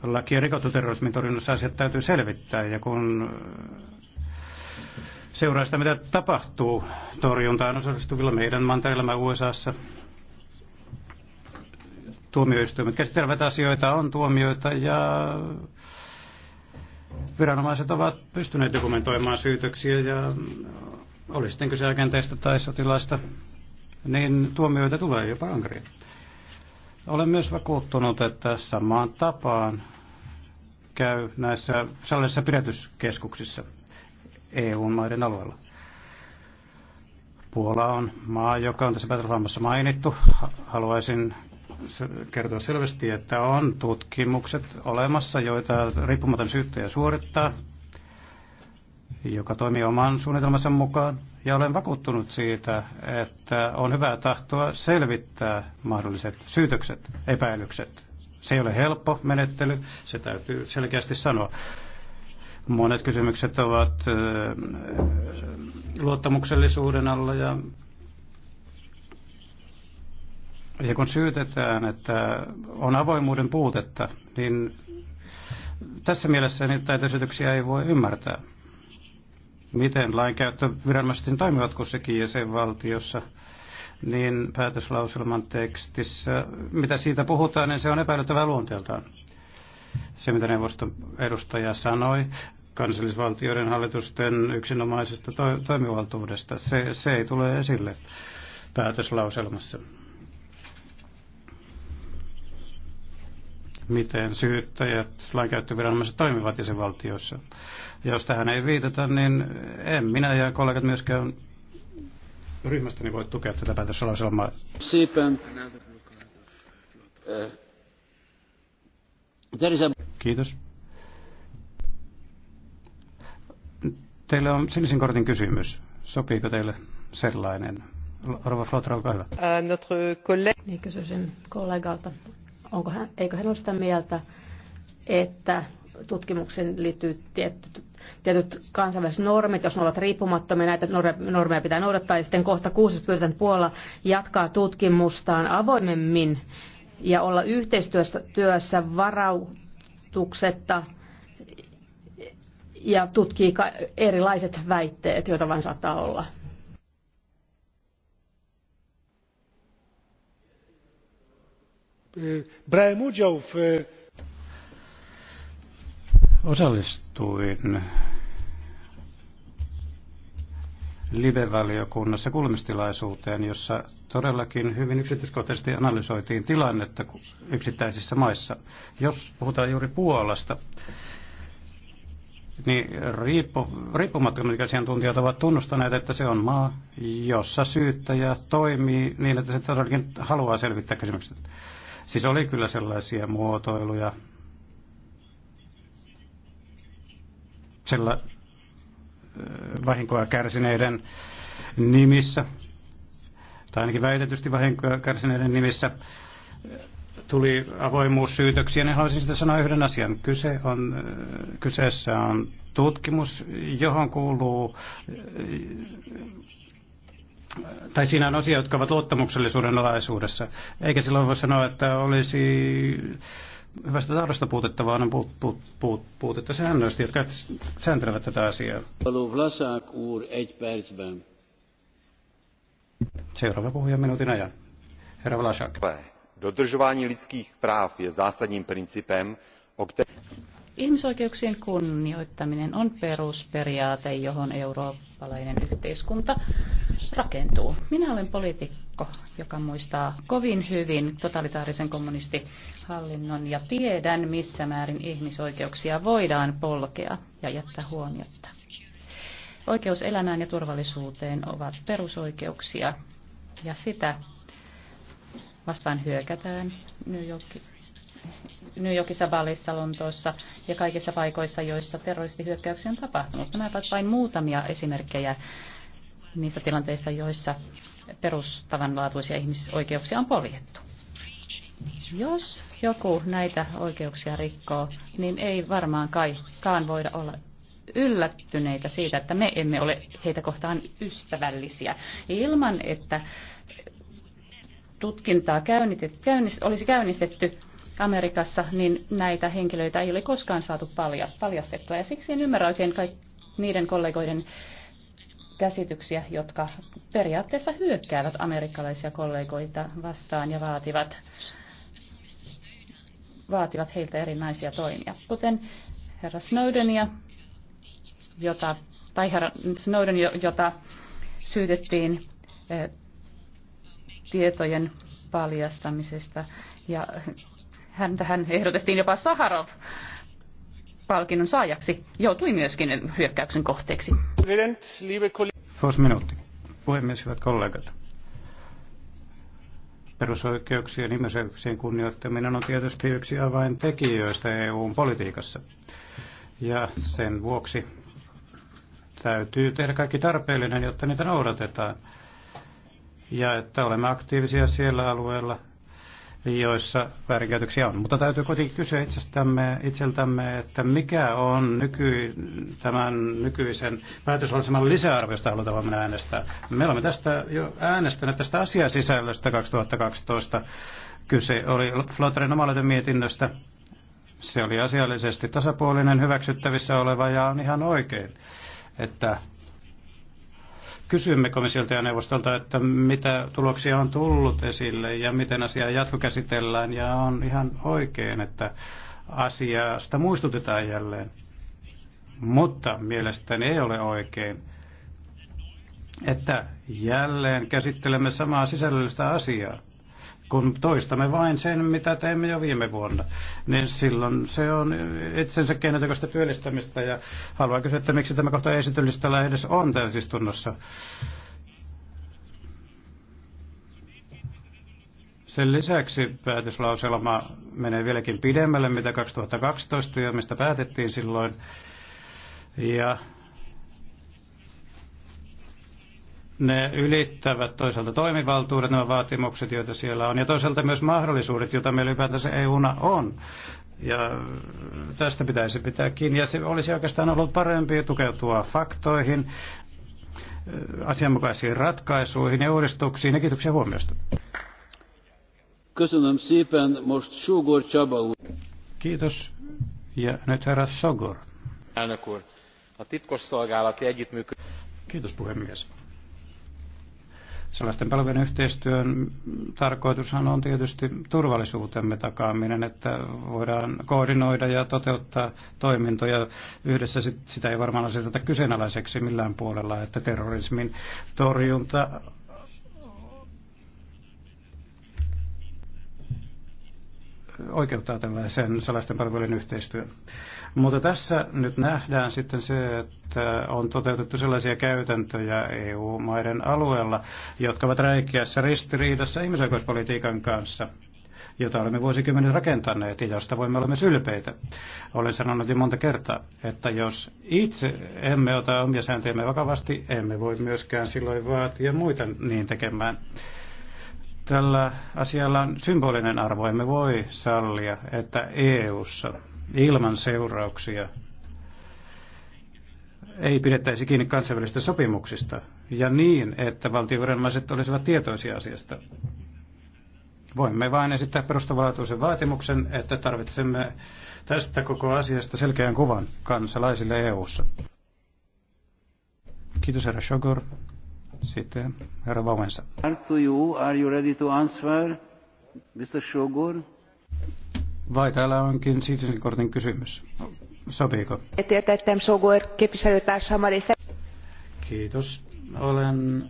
laki- ja terrorismin torjunnassa, asiat täytyy selvittää. Ja kun seuraa sitä, mitä tapahtuu torjuntaan osallistuvilla meidän mantelemme USAssa, tuomioistuimet käsittelevät asioita, on tuomioita ja viranomaiset ovat pystyneet dokumentoimaan syytöksiä ja oli sitten kyse agenteista tai sotilaista niin tuomioita tulee jopa Angriin. Olen myös vakuuttunut, että samaan tapaan käy näissä sellaisissa pidätyskeskuksissa EU-maiden alueella. Puola on maa, joka on tässä päätöslaamassa mainittu. Haluaisin kertoa selvästi, että on tutkimukset olemassa, joita riippumaton syyttäjä suorittaa, joka toimii oman suunnitelmansa mukaan. Ja olen vakuuttunut siitä, että on hyvää tahtoa selvittää mahdolliset syytökset, epäilykset. Se ei ole helppo menettely, se täytyy selkeästi sanoa. Monet kysymykset ovat luottamuksellisuuden alla ja ja kun syytetään, että on avoimuuden puutetta, niin tässä mielessä niitä syytöksiä ei voi ymmärtää miten lainkäyttöviranomaiset toimivat kussakin jäsenvaltiossa, niin päätöslauselman tekstissä, mitä siitä puhutaan, niin se on epäilyttävää luonteeltaan. Se, mitä neuvoston edustaja sanoi kansallisvaltioiden hallitusten yksinomaisesta to- toimivaltuudesta, se, se ei tule esille päätöslauselmassa. Miten syyttäjät, lainkäyttöviranomaiset toimivat jäsenvaltioissa. Jos tähän ei viitata, niin en minä ja kollegat myöskään ryhmästäni voi tukea tätä päätöslauselmaa. Eh, Kiitos. Teillä on sinisen kortin kysymys. Sopiiko teille sellainen? Arvo Flotra, olkaa hyvä. Niin, kysyisin kollegalta, onko hän, eikö hän ole sitä mieltä, että tutkimukseen liittyy tietyt, tietyt kansainväliset normit, jos ne ovat riippumattomia, näitä normeja pitää noudattaa. Ja sitten kohta kuusi että Puola jatkaa tutkimustaan avoimemmin ja olla yhteistyössä työssä varautuksetta ja tutkii erilaiset väitteet, joita vain saattaa olla. Brałem udział w Osallistuin live-valiokunnassa kuulemistilaisuuteen, jossa todellakin hyvin yksityiskohtaisesti analysoitiin tilannetta yksittäisissä maissa. Jos puhutaan juuri Puolasta, niin riippu, riippumattomat asiantuntijat ovat tunnustaneet, että se on maa, jossa syyttäjä toimii niin, että se todellakin haluaa selvittää kysymykset. Siis oli kyllä sellaisia muotoiluja, sillä äh, vahinkoa kärsineiden nimissä, tai ainakin väitetysti vahinkoa kärsineiden nimissä, tuli avoimuussyytöksiä, niin haluaisin sitä sanoa yhden asian. Kyse on, äh, kyseessä on tutkimus, johon kuuluu, äh, tai siinä on osia, jotka ovat luottamuksellisuuden alaisuudessa. Eikä silloin voi sanoa, että olisi hyvästä tahdosta puutetta, vaan on pu, pu, pu, puutetta säännöistä, jotka sääntelevät tätä asiaa. Seuraava puhuja minuutin ajan. Herra Vlasak. Dodržování lidských práv je zásadním principem, o Ihmisoikeuksien kunnioittaminen on perusperiaate, johon eurooppalainen yhteiskunta rakentuu. Minä olen poliitikko Jaakko, joka muistaa kovin hyvin totalitaarisen kommunistihallinnon ja tiedän, missä määrin ihmisoikeuksia voidaan polkea ja jättää huomiotta. Oikeus elämään ja turvallisuuteen ovat perusoikeuksia ja sitä vastaan hyökätään New, York, New Yorkissa, Balissa, Lontoossa ja kaikissa paikoissa, joissa terroristihyökkäyksiä on tapahtunut. Nämä ovat vain muutamia esimerkkejä niistä tilanteista, joissa perustavanlaatuisia ihmisoikeuksia on poljettu. Jos joku näitä oikeuksia rikkoo, niin ei varmaan kaikkaan voida olla yllättyneitä siitä, että me emme ole heitä kohtaan ystävällisiä. Ilman, että tutkintaa olisi käynnistetty Amerikassa, niin näitä henkilöitä ei ole koskaan saatu paljastettua. Ja siksi en ymmärrä oikein niiden kollegoiden käsityksiä, jotka periaatteessa hyökkäävät amerikkalaisia kollegoita vastaan ja vaativat, vaativat heiltä erinäisiä toimia. Kuten herra Snowdenia, jota, tai herra Snowden, jota syytettiin e, tietojen paljastamisesta ja häntä hän ehdotettiin jopa Saharov palkinnon saajaksi joutui myöskin hyökkäyksen kohteeksi. Fos minuutti. Puhemies, hyvät kollegat. Perusoikeuksien ja ihmisoikeuksien kunnioittaminen on tietysti yksi avaintekijöistä EUn politiikassa. Ja sen vuoksi täytyy tehdä kaikki tarpeellinen, jotta niitä noudatetaan. Ja että olemme aktiivisia siellä alueella, joissa väärinkäytöksiä on. Mutta täytyy kuitenkin kysyä itsestämme, itseltämme, että mikä on nyky, tämän nykyisen päätöslauselman lisäarvoista halutaan mennä äänestää. Me olemme tästä jo äänestäneet tästä asiasisällöstä 2012. Kyse oli Flotterin omalaisen mietinnöstä. Se oli asiallisesti tasapuolinen, hyväksyttävissä oleva ja on ihan oikein, että kysymme komissiolta ja neuvostolta, että mitä tuloksia on tullut esille ja miten asiaa jatkokäsitellään. Ja on ihan oikein, että asiasta muistutetaan jälleen. Mutta mielestäni ei ole oikein, että jälleen käsittelemme samaa sisällöllistä asiaa kun toistamme vain sen, mitä teimme jo viime vuonna, niin silloin se on itsensä keinotekoista työllistämistä. Ja haluan kysyä, että miksi tämä kohta esityllistä edes on täysistunnossa. Sen lisäksi päätöslauselma menee vieläkin pidemmälle, mitä 2012 ja mistä päätettiin silloin. Ja ne ylittävät toisaalta toimivaltuudet, nämä vaatimukset, joita siellä on, ja toisaalta myös mahdollisuudet, joita meillä ylipäätänsä EUna on. Ja tästä pitäisi pitää kiinni. Ja se olisi oikeastaan ollut parempi tukeutua faktoihin, asianmukaisiin ratkaisuihin ja uudistuksiin. Ja kiitoksia huomiosta. Kiitos. Ja nyt herra Sogor. Kiitos puhemies Sellaisten palvelujen yhteistyön tarkoitushan on tietysti turvallisuutemme takaaminen, että voidaan koordinoida ja toteuttaa toimintoja yhdessä. Sitä ei varmaan aseteta kyseenalaiseksi millään puolella, että terrorismin torjunta oikeuttaa tällaisen salaisten palvelujen yhteistyön. Mutta tässä nyt nähdään sitten se, että on toteutettu sellaisia käytäntöjä EU-maiden alueella, jotka ovat räikeässä ristiriidassa ihmisoikeuspolitiikan kanssa jota olemme vuosikymmenet rakentaneet ja josta voimme olla myös ylpeitä. Olen sanonut jo monta kertaa, että jos itse emme ota omia sääntöjämme vakavasti, emme voi myöskään silloin vaatia muita niin tekemään. Tällä asialla on symbolinen arvo. Emme voi sallia, että EU:ssa ilman seurauksia ei pidettäisi kiinni kansainvälisistä sopimuksista ja niin, että valtioviranomaiset olisivat tietoisia asiasta. Voimme vain esittää perustavanlaatuisen vaatimuksen, että tarvitsemme tästä koko asiasta selkeän kuvan kansalaisille EU-ssa. Kiitos herra Shogor. Sitten herra Vauensa. Are you ready to answer, Mr. Shogor? Vai täällä onkin sinisen kortin kysymys. Sopiiko? Kiitos. Olen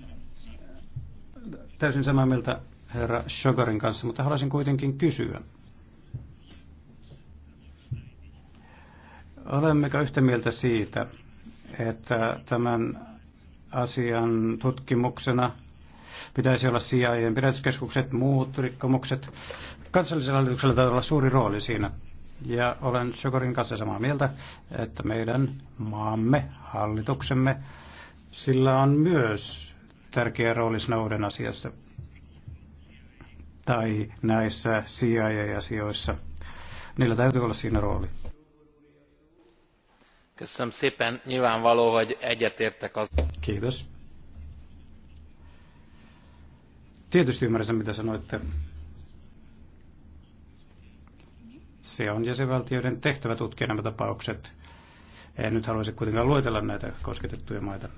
täysin samaa mieltä herra Shogarin kanssa, mutta haluaisin kuitenkin kysyä. Olemmeko yhtä mieltä siitä, että tämän asian tutkimuksena pitäisi olla sijaajien pidätyskeskukset, muut rikkomukset, Kansallisella hallituksella täytyy olla suuri rooli siinä. Ja olen Sjokorin kanssa samaa mieltä, että meidän maamme, hallituksemme, sillä on myös tärkeä rooli Snowden asiassa tai näissä CIA-asioissa. Niillä täytyy olla siinä rooli. Köszönöm szépen, nyilvánvaló, hogy egyetértek az... Kiitos. Tietysti ymmärrän, mitä sanoitte Se on jäsenvaltioiden tehtävä tutkia nämä tapaukset. En nyt haluaisi kuitenkaan luetella näitä kosketettuja maita,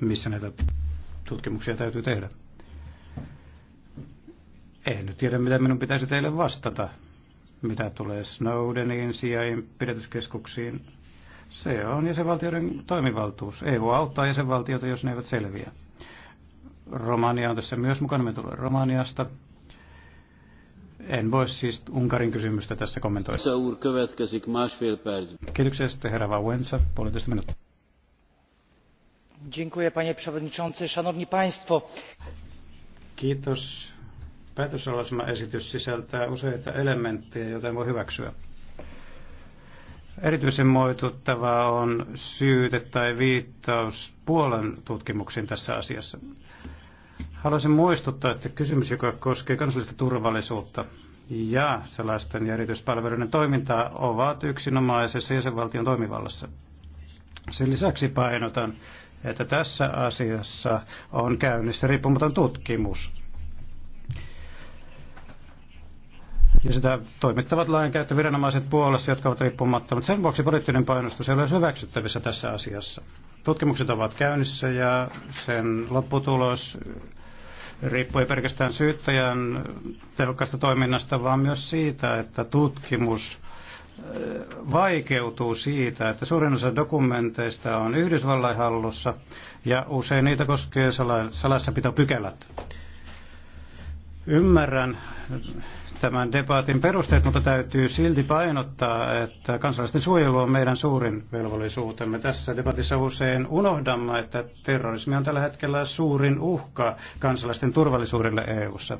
missä näitä tutkimuksia täytyy tehdä. En nyt tiedä, mitä minun pitäisi teille vastata, mitä tulee Snowdeniin, sijain pidätyskeskuksiin. Se on jäsenvaltioiden toimivaltuus. EU auttaa jäsenvaltioita, jos ne eivät selviä. Romania on tässä myös mukana. Me tulee Romaniasta. En voi siis Unkarin kysymystä tässä kommentoida. Kiitoksia sitten herra Wałęsa, puolitoista minuuttia. Dziękuję panie przewodniczący, szanowni państwo. Kiitos. Päätösalaisema-esitys sisältää useita elementtejä, joita voi hyväksyä. Erityisen moituttavaa on syyte tai viittaus Puolan tutkimuksiin tässä asiassa. Haluaisin muistuttaa, että kysymys, joka koskee kansallista turvallisuutta ja sellaisten ja erityispalveluiden toimintaa, ovat yksinomaisessa jäsenvaltion toimivallassa. Sen lisäksi painotan, että tässä asiassa on käynnissä riippumaton tutkimus. Ja sitä toimittavat lainkäyttöviranomaiset puolessa, jotka ovat riippumattomat. Sen vuoksi poliittinen painostus ei ole hyväksyttävissä tässä asiassa. Tutkimukset ovat käynnissä ja sen lopputulos riippui pelkästään syyttäjän tehokkaasta toiminnasta, vaan myös siitä, että tutkimus vaikeutuu siitä, että suurin osa dokumenteista on Yhdysvallain hallussa ja usein niitä koskee salassapitopykälät. Ymmärrän tämän debaatin perusteet, mutta täytyy silti painottaa, että kansalaisten suojelu on meidän suurin velvollisuutemme. Tässä debatissa usein unohdamme, että terrorismi on tällä hetkellä suurin uhka kansalaisten turvallisuudelle EU:ssa.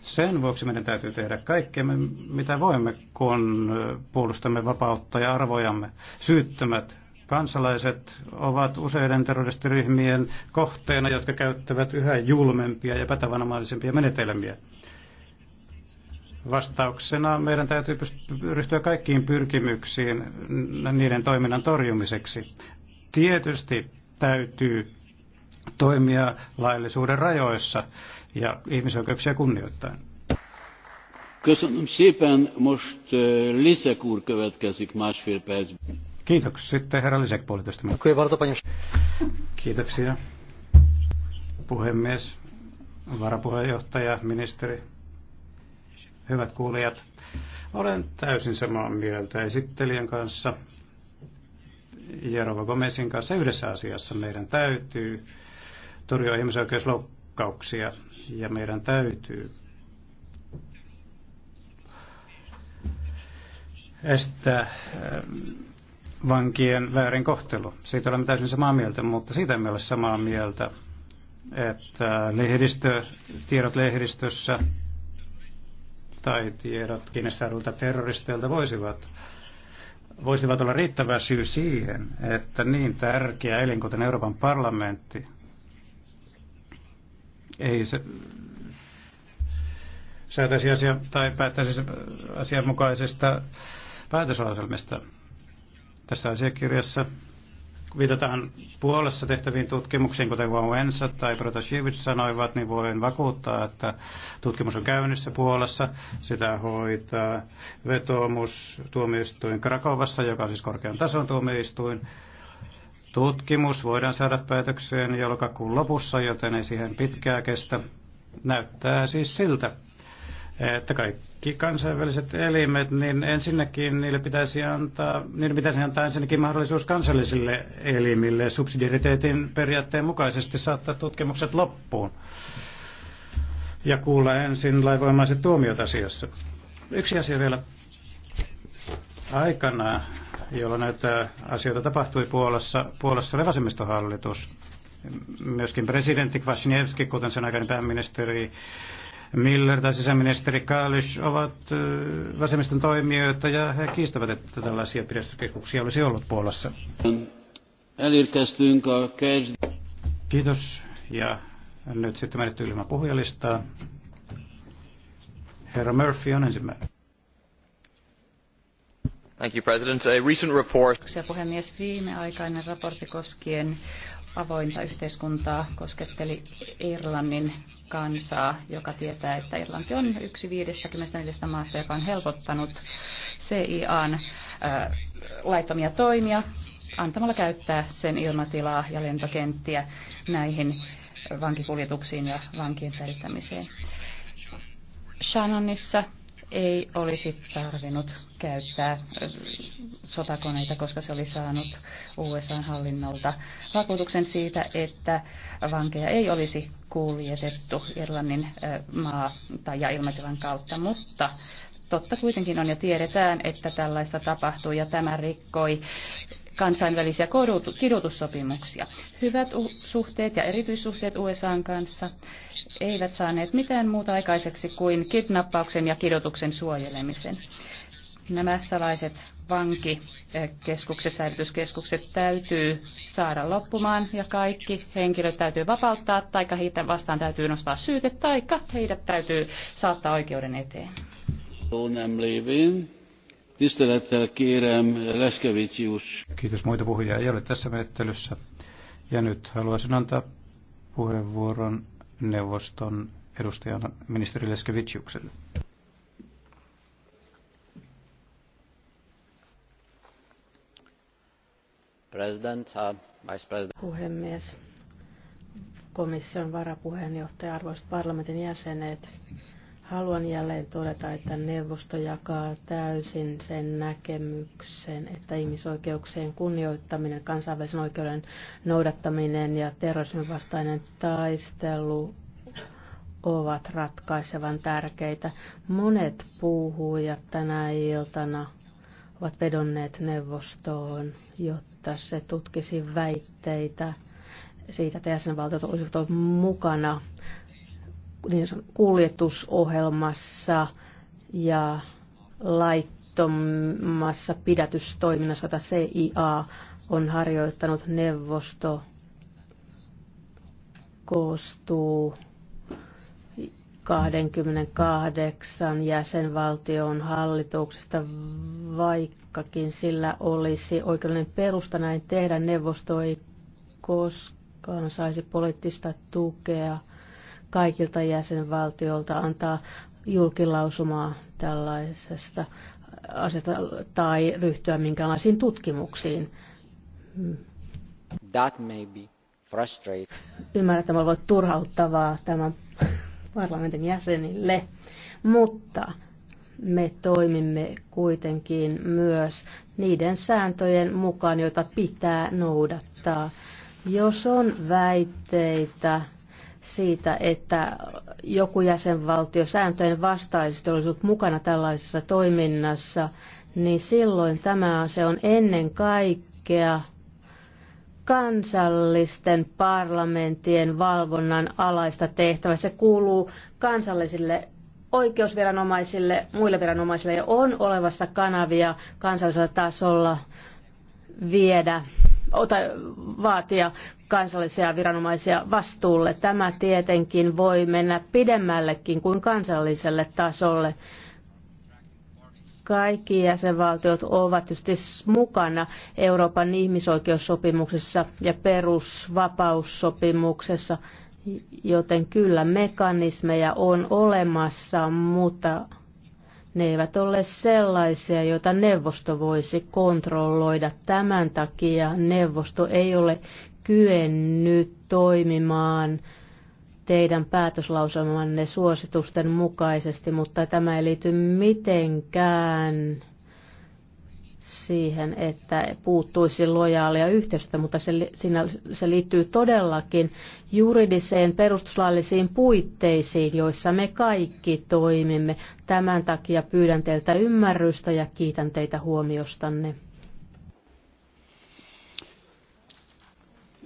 Sen vuoksi meidän täytyy tehdä kaikkemme, mitä voimme, kun puolustamme vapautta ja arvojamme. Syyttömät kansalaiset ovat useiden terroristiryhmien kohteena, jotka käyttävät yhä julmempia ja epätavanomaisempia menetelmiä. Vastauksena meidän täytyy ryhtyä kaikkiin pyrkimyksiin niiden toiminnan torjumiseksi. Tietysti täytyy toimia laillisuuden rajoissa ja ihmisoikeuksia kunnioittain. Köszönöm Kiitos. Sitten herra Lisek puolitoista minuuttia. Kiitoksia, puhemies, varapuheenjohtaja, ministeri hyvät kuulijat. Olen täysin samaa mieltä esittelijän kanssa, Jerova Gomezin kanssa. Yhdessä asiassa meidän täytyy torjua ihmisoikeusloukkauksia ja meidän täytyy estää ähm, vankien väärin kohtelu. Siitä olemme täysin samaa mieltä, mutta siitä emme ole samaa mieltä, että lehdistö, tiedot lehdistössä tai tiedot kiinnosaaduilta terroristeilta voisivat, voisivat olla riittävä syy siihen, että niin tärkeä elin kuten Euroopan parlamentti ei se, säätäisi asia, tai päättäisi asianmukaisesta päätöslauselmista tässä asiakirjassa viitataan puolessa tehtäviin tutkimuksiin, kuten Wałęsa tai Protasiewicz sanoivat, niin voin vakuuttaa, että tutkimus on käynnissä puolessa. Sitä hoitaa vetoomus tuomioistuin Krakovassa, joka on siis korkean tason tuomioistuin. Tutkimus voidaan saada päätökseen jo lokakuun lopussa, joten ei siihen pitkää kestä. Näyttää siis siltä, että kaikki kansainväliset elimet, niin ensinnäkin niille pitäisi antaa, niille pitäisi antaa ensinnäkin mahdollisuus kansallisille elimille subsidiariteetin periaatteen mukaisesti saattaa tutkimukset loppuun ja kuulla ensin laivoimaiset tuomiot asiassa. Yksi asia vielä aikana, jolloin näitä asioita tapahtui Puolassa, Puolassa oli vasemmistohallitus. Myöskin presidentti Kwasniewski, kuten sen aikainen pääministeri, Miller tai sisäministeri Kaalish ovat vasemmiston toimijoita ja he kiistävät, että tällaisia pidätyskeskuksia olisi ollut Puolassa. Kiitos ja nyt sitten menetty ilman puhujalistaa. Herra Murphy on ensimmäinen Thank you, President. A arvoisa puhemies viimeaikainen raportti koskien avointa yhteiskuntaa kosketteli Irlannin kansaa, joka tietää, että Irlanti on yksi 54 maasta, joka on helpottanut CIAn äh, laittomia toimia antamalla käyttää sen ilmatilaa ja lentokenttiä näihin vankikuljetuksiin ja vankien säilyttämiseen. Shannonissa ei olisi tarvinnut käyttää äh, sotakoneita, koska se oli saanut USA-hallinnolta vakuutuksen siitä, että vankeja ei olisi kuljetettu Irlannin äh, maa- tai ja ilmatilan kautta, mutta totta kuitenkin on ja tiedetään, että tällaista tapahtuu ja tämä rikkoi kansainvälisiä kidutussopimuksia. Hyvät suhteet ja erityissuhteet USAn kanssa eivät saaneet mitään muuta aikaiseksi kuin kidnappauksen ja kidotuksen suojelemisen. Nämä salaiset vankikeskukset, säilytyskeskukset täytyy saada loppumaan ja kaikki henkilöt täytyy vapauttaa, tai heitä vastaan täytyy nostaa syyte, tai heidät täytyy saattaa oikeuden eteen. Kiitos muita puhujia ei ole tässä menettelyssä. Ja nyt haluaisin antaa puheenvuoron neuvoston edustajana ministeri Leskevitsiukselle. President, uh, vice president. Puhemies, komission varapuheenjohtaja, arvoisat parlamentin jäsenet, Haluan jälleen todeta, että neuvosto jakaa täysin sen näkemyksen, että ihmisoikeuksien kunnioittaminen, kansainvälisen oikeuden noudattaminen ja terrorismin vastainen taistelu ovat ratkaisevan tärkeitä. Monet puhujat tänä iltana ovat vedonneet neuvostoon, jotta se tutkisi väitteitä siitä, että jäsenvaltiot olisivat mukana niin kuljetusohjelmassa ja laittomassa pidätystoiminnassa, jota CIA on harjoittanut neuvosto, koostuu 28 jäsenvaltion hallituksesta, vaikkakin sillä olisi oikeudellinen perusta näin tehdä. Neuvosto ei koskaan saisi poliittista tukea kaikilta jäsenvaltioilta antaa julkilausumaa tällaisesta asiasta tai ryhtyä minkäänlaisiin tutkimuksiin. That may be frustrating. Ymmärrän, että voi turhauttavaa tämän parlamentin jäsenille, mutta me toimimme kuitenkin myös niiden sääntöjen mukaan, joita pitää noudattaa. Jos on väitteitä siitä, että joku jäsenvaltio sääntöjen vastaisesti olisi ollut mukana tällaisessa toiminnassa, niin silloin tämä se on ennen kaikkea kansallisten parlamenttien valvonnan alaista tehtävää. Se kuuluu kansallisille oikeusviranomaisille, muille viranomaisille ja on olevassa kanavia kansallisella tasolla viedä tai vaatia kansallisia viranomaisia vastuulle. Tämä tietenkin voi mennä pidemmällekin kuin kansalliselle tasolle. Kaikki jäsenvaltiot ovat tietysti mukana Euroopan ihmisoikeussopimuksessa ja perusvapaussopimuksessa, joten kyllä mekanismeja on olemassa, mutta ne eivät ole sellaisia, joita neuvosto voisi kontrolloida. Tämän takia neuvosto ei ole kyennyt toimimaan teidän päätöslauselmanne suositusten mukaisesti, mutta tämä ei liity mitenkään siihen, että puuttuisi lojaalia yhteistyötä, mutta se, siinä, se liittyy todellakin juridiseen perustuslaillisiin puitteisiin, joissa me kaikki toimimme. Tämän takia pyydän teiltä ymmärrystä ja kiitän teitä huomiostanne.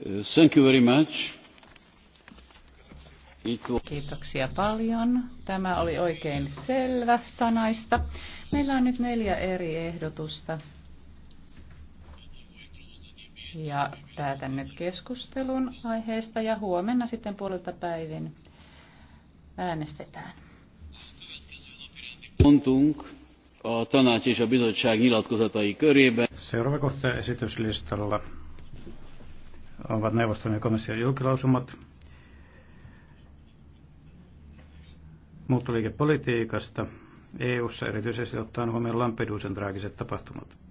Uh, Kiitoksia paljon. Tämä oli oikein selvä sanaista. Meillä on nyt neljä eri ehdotusta. Ja päätän nyt keskustelun aiheesta ja huomenna sitten puolelta päivin äänestetään. Seuraava kohta esityslistalla ovat neuvoston ja komission julkilausumat muuttoliikepolitiikasta EU-ssa erityisesti ottaen huomioon Lampedusen traagiset tapahtumat.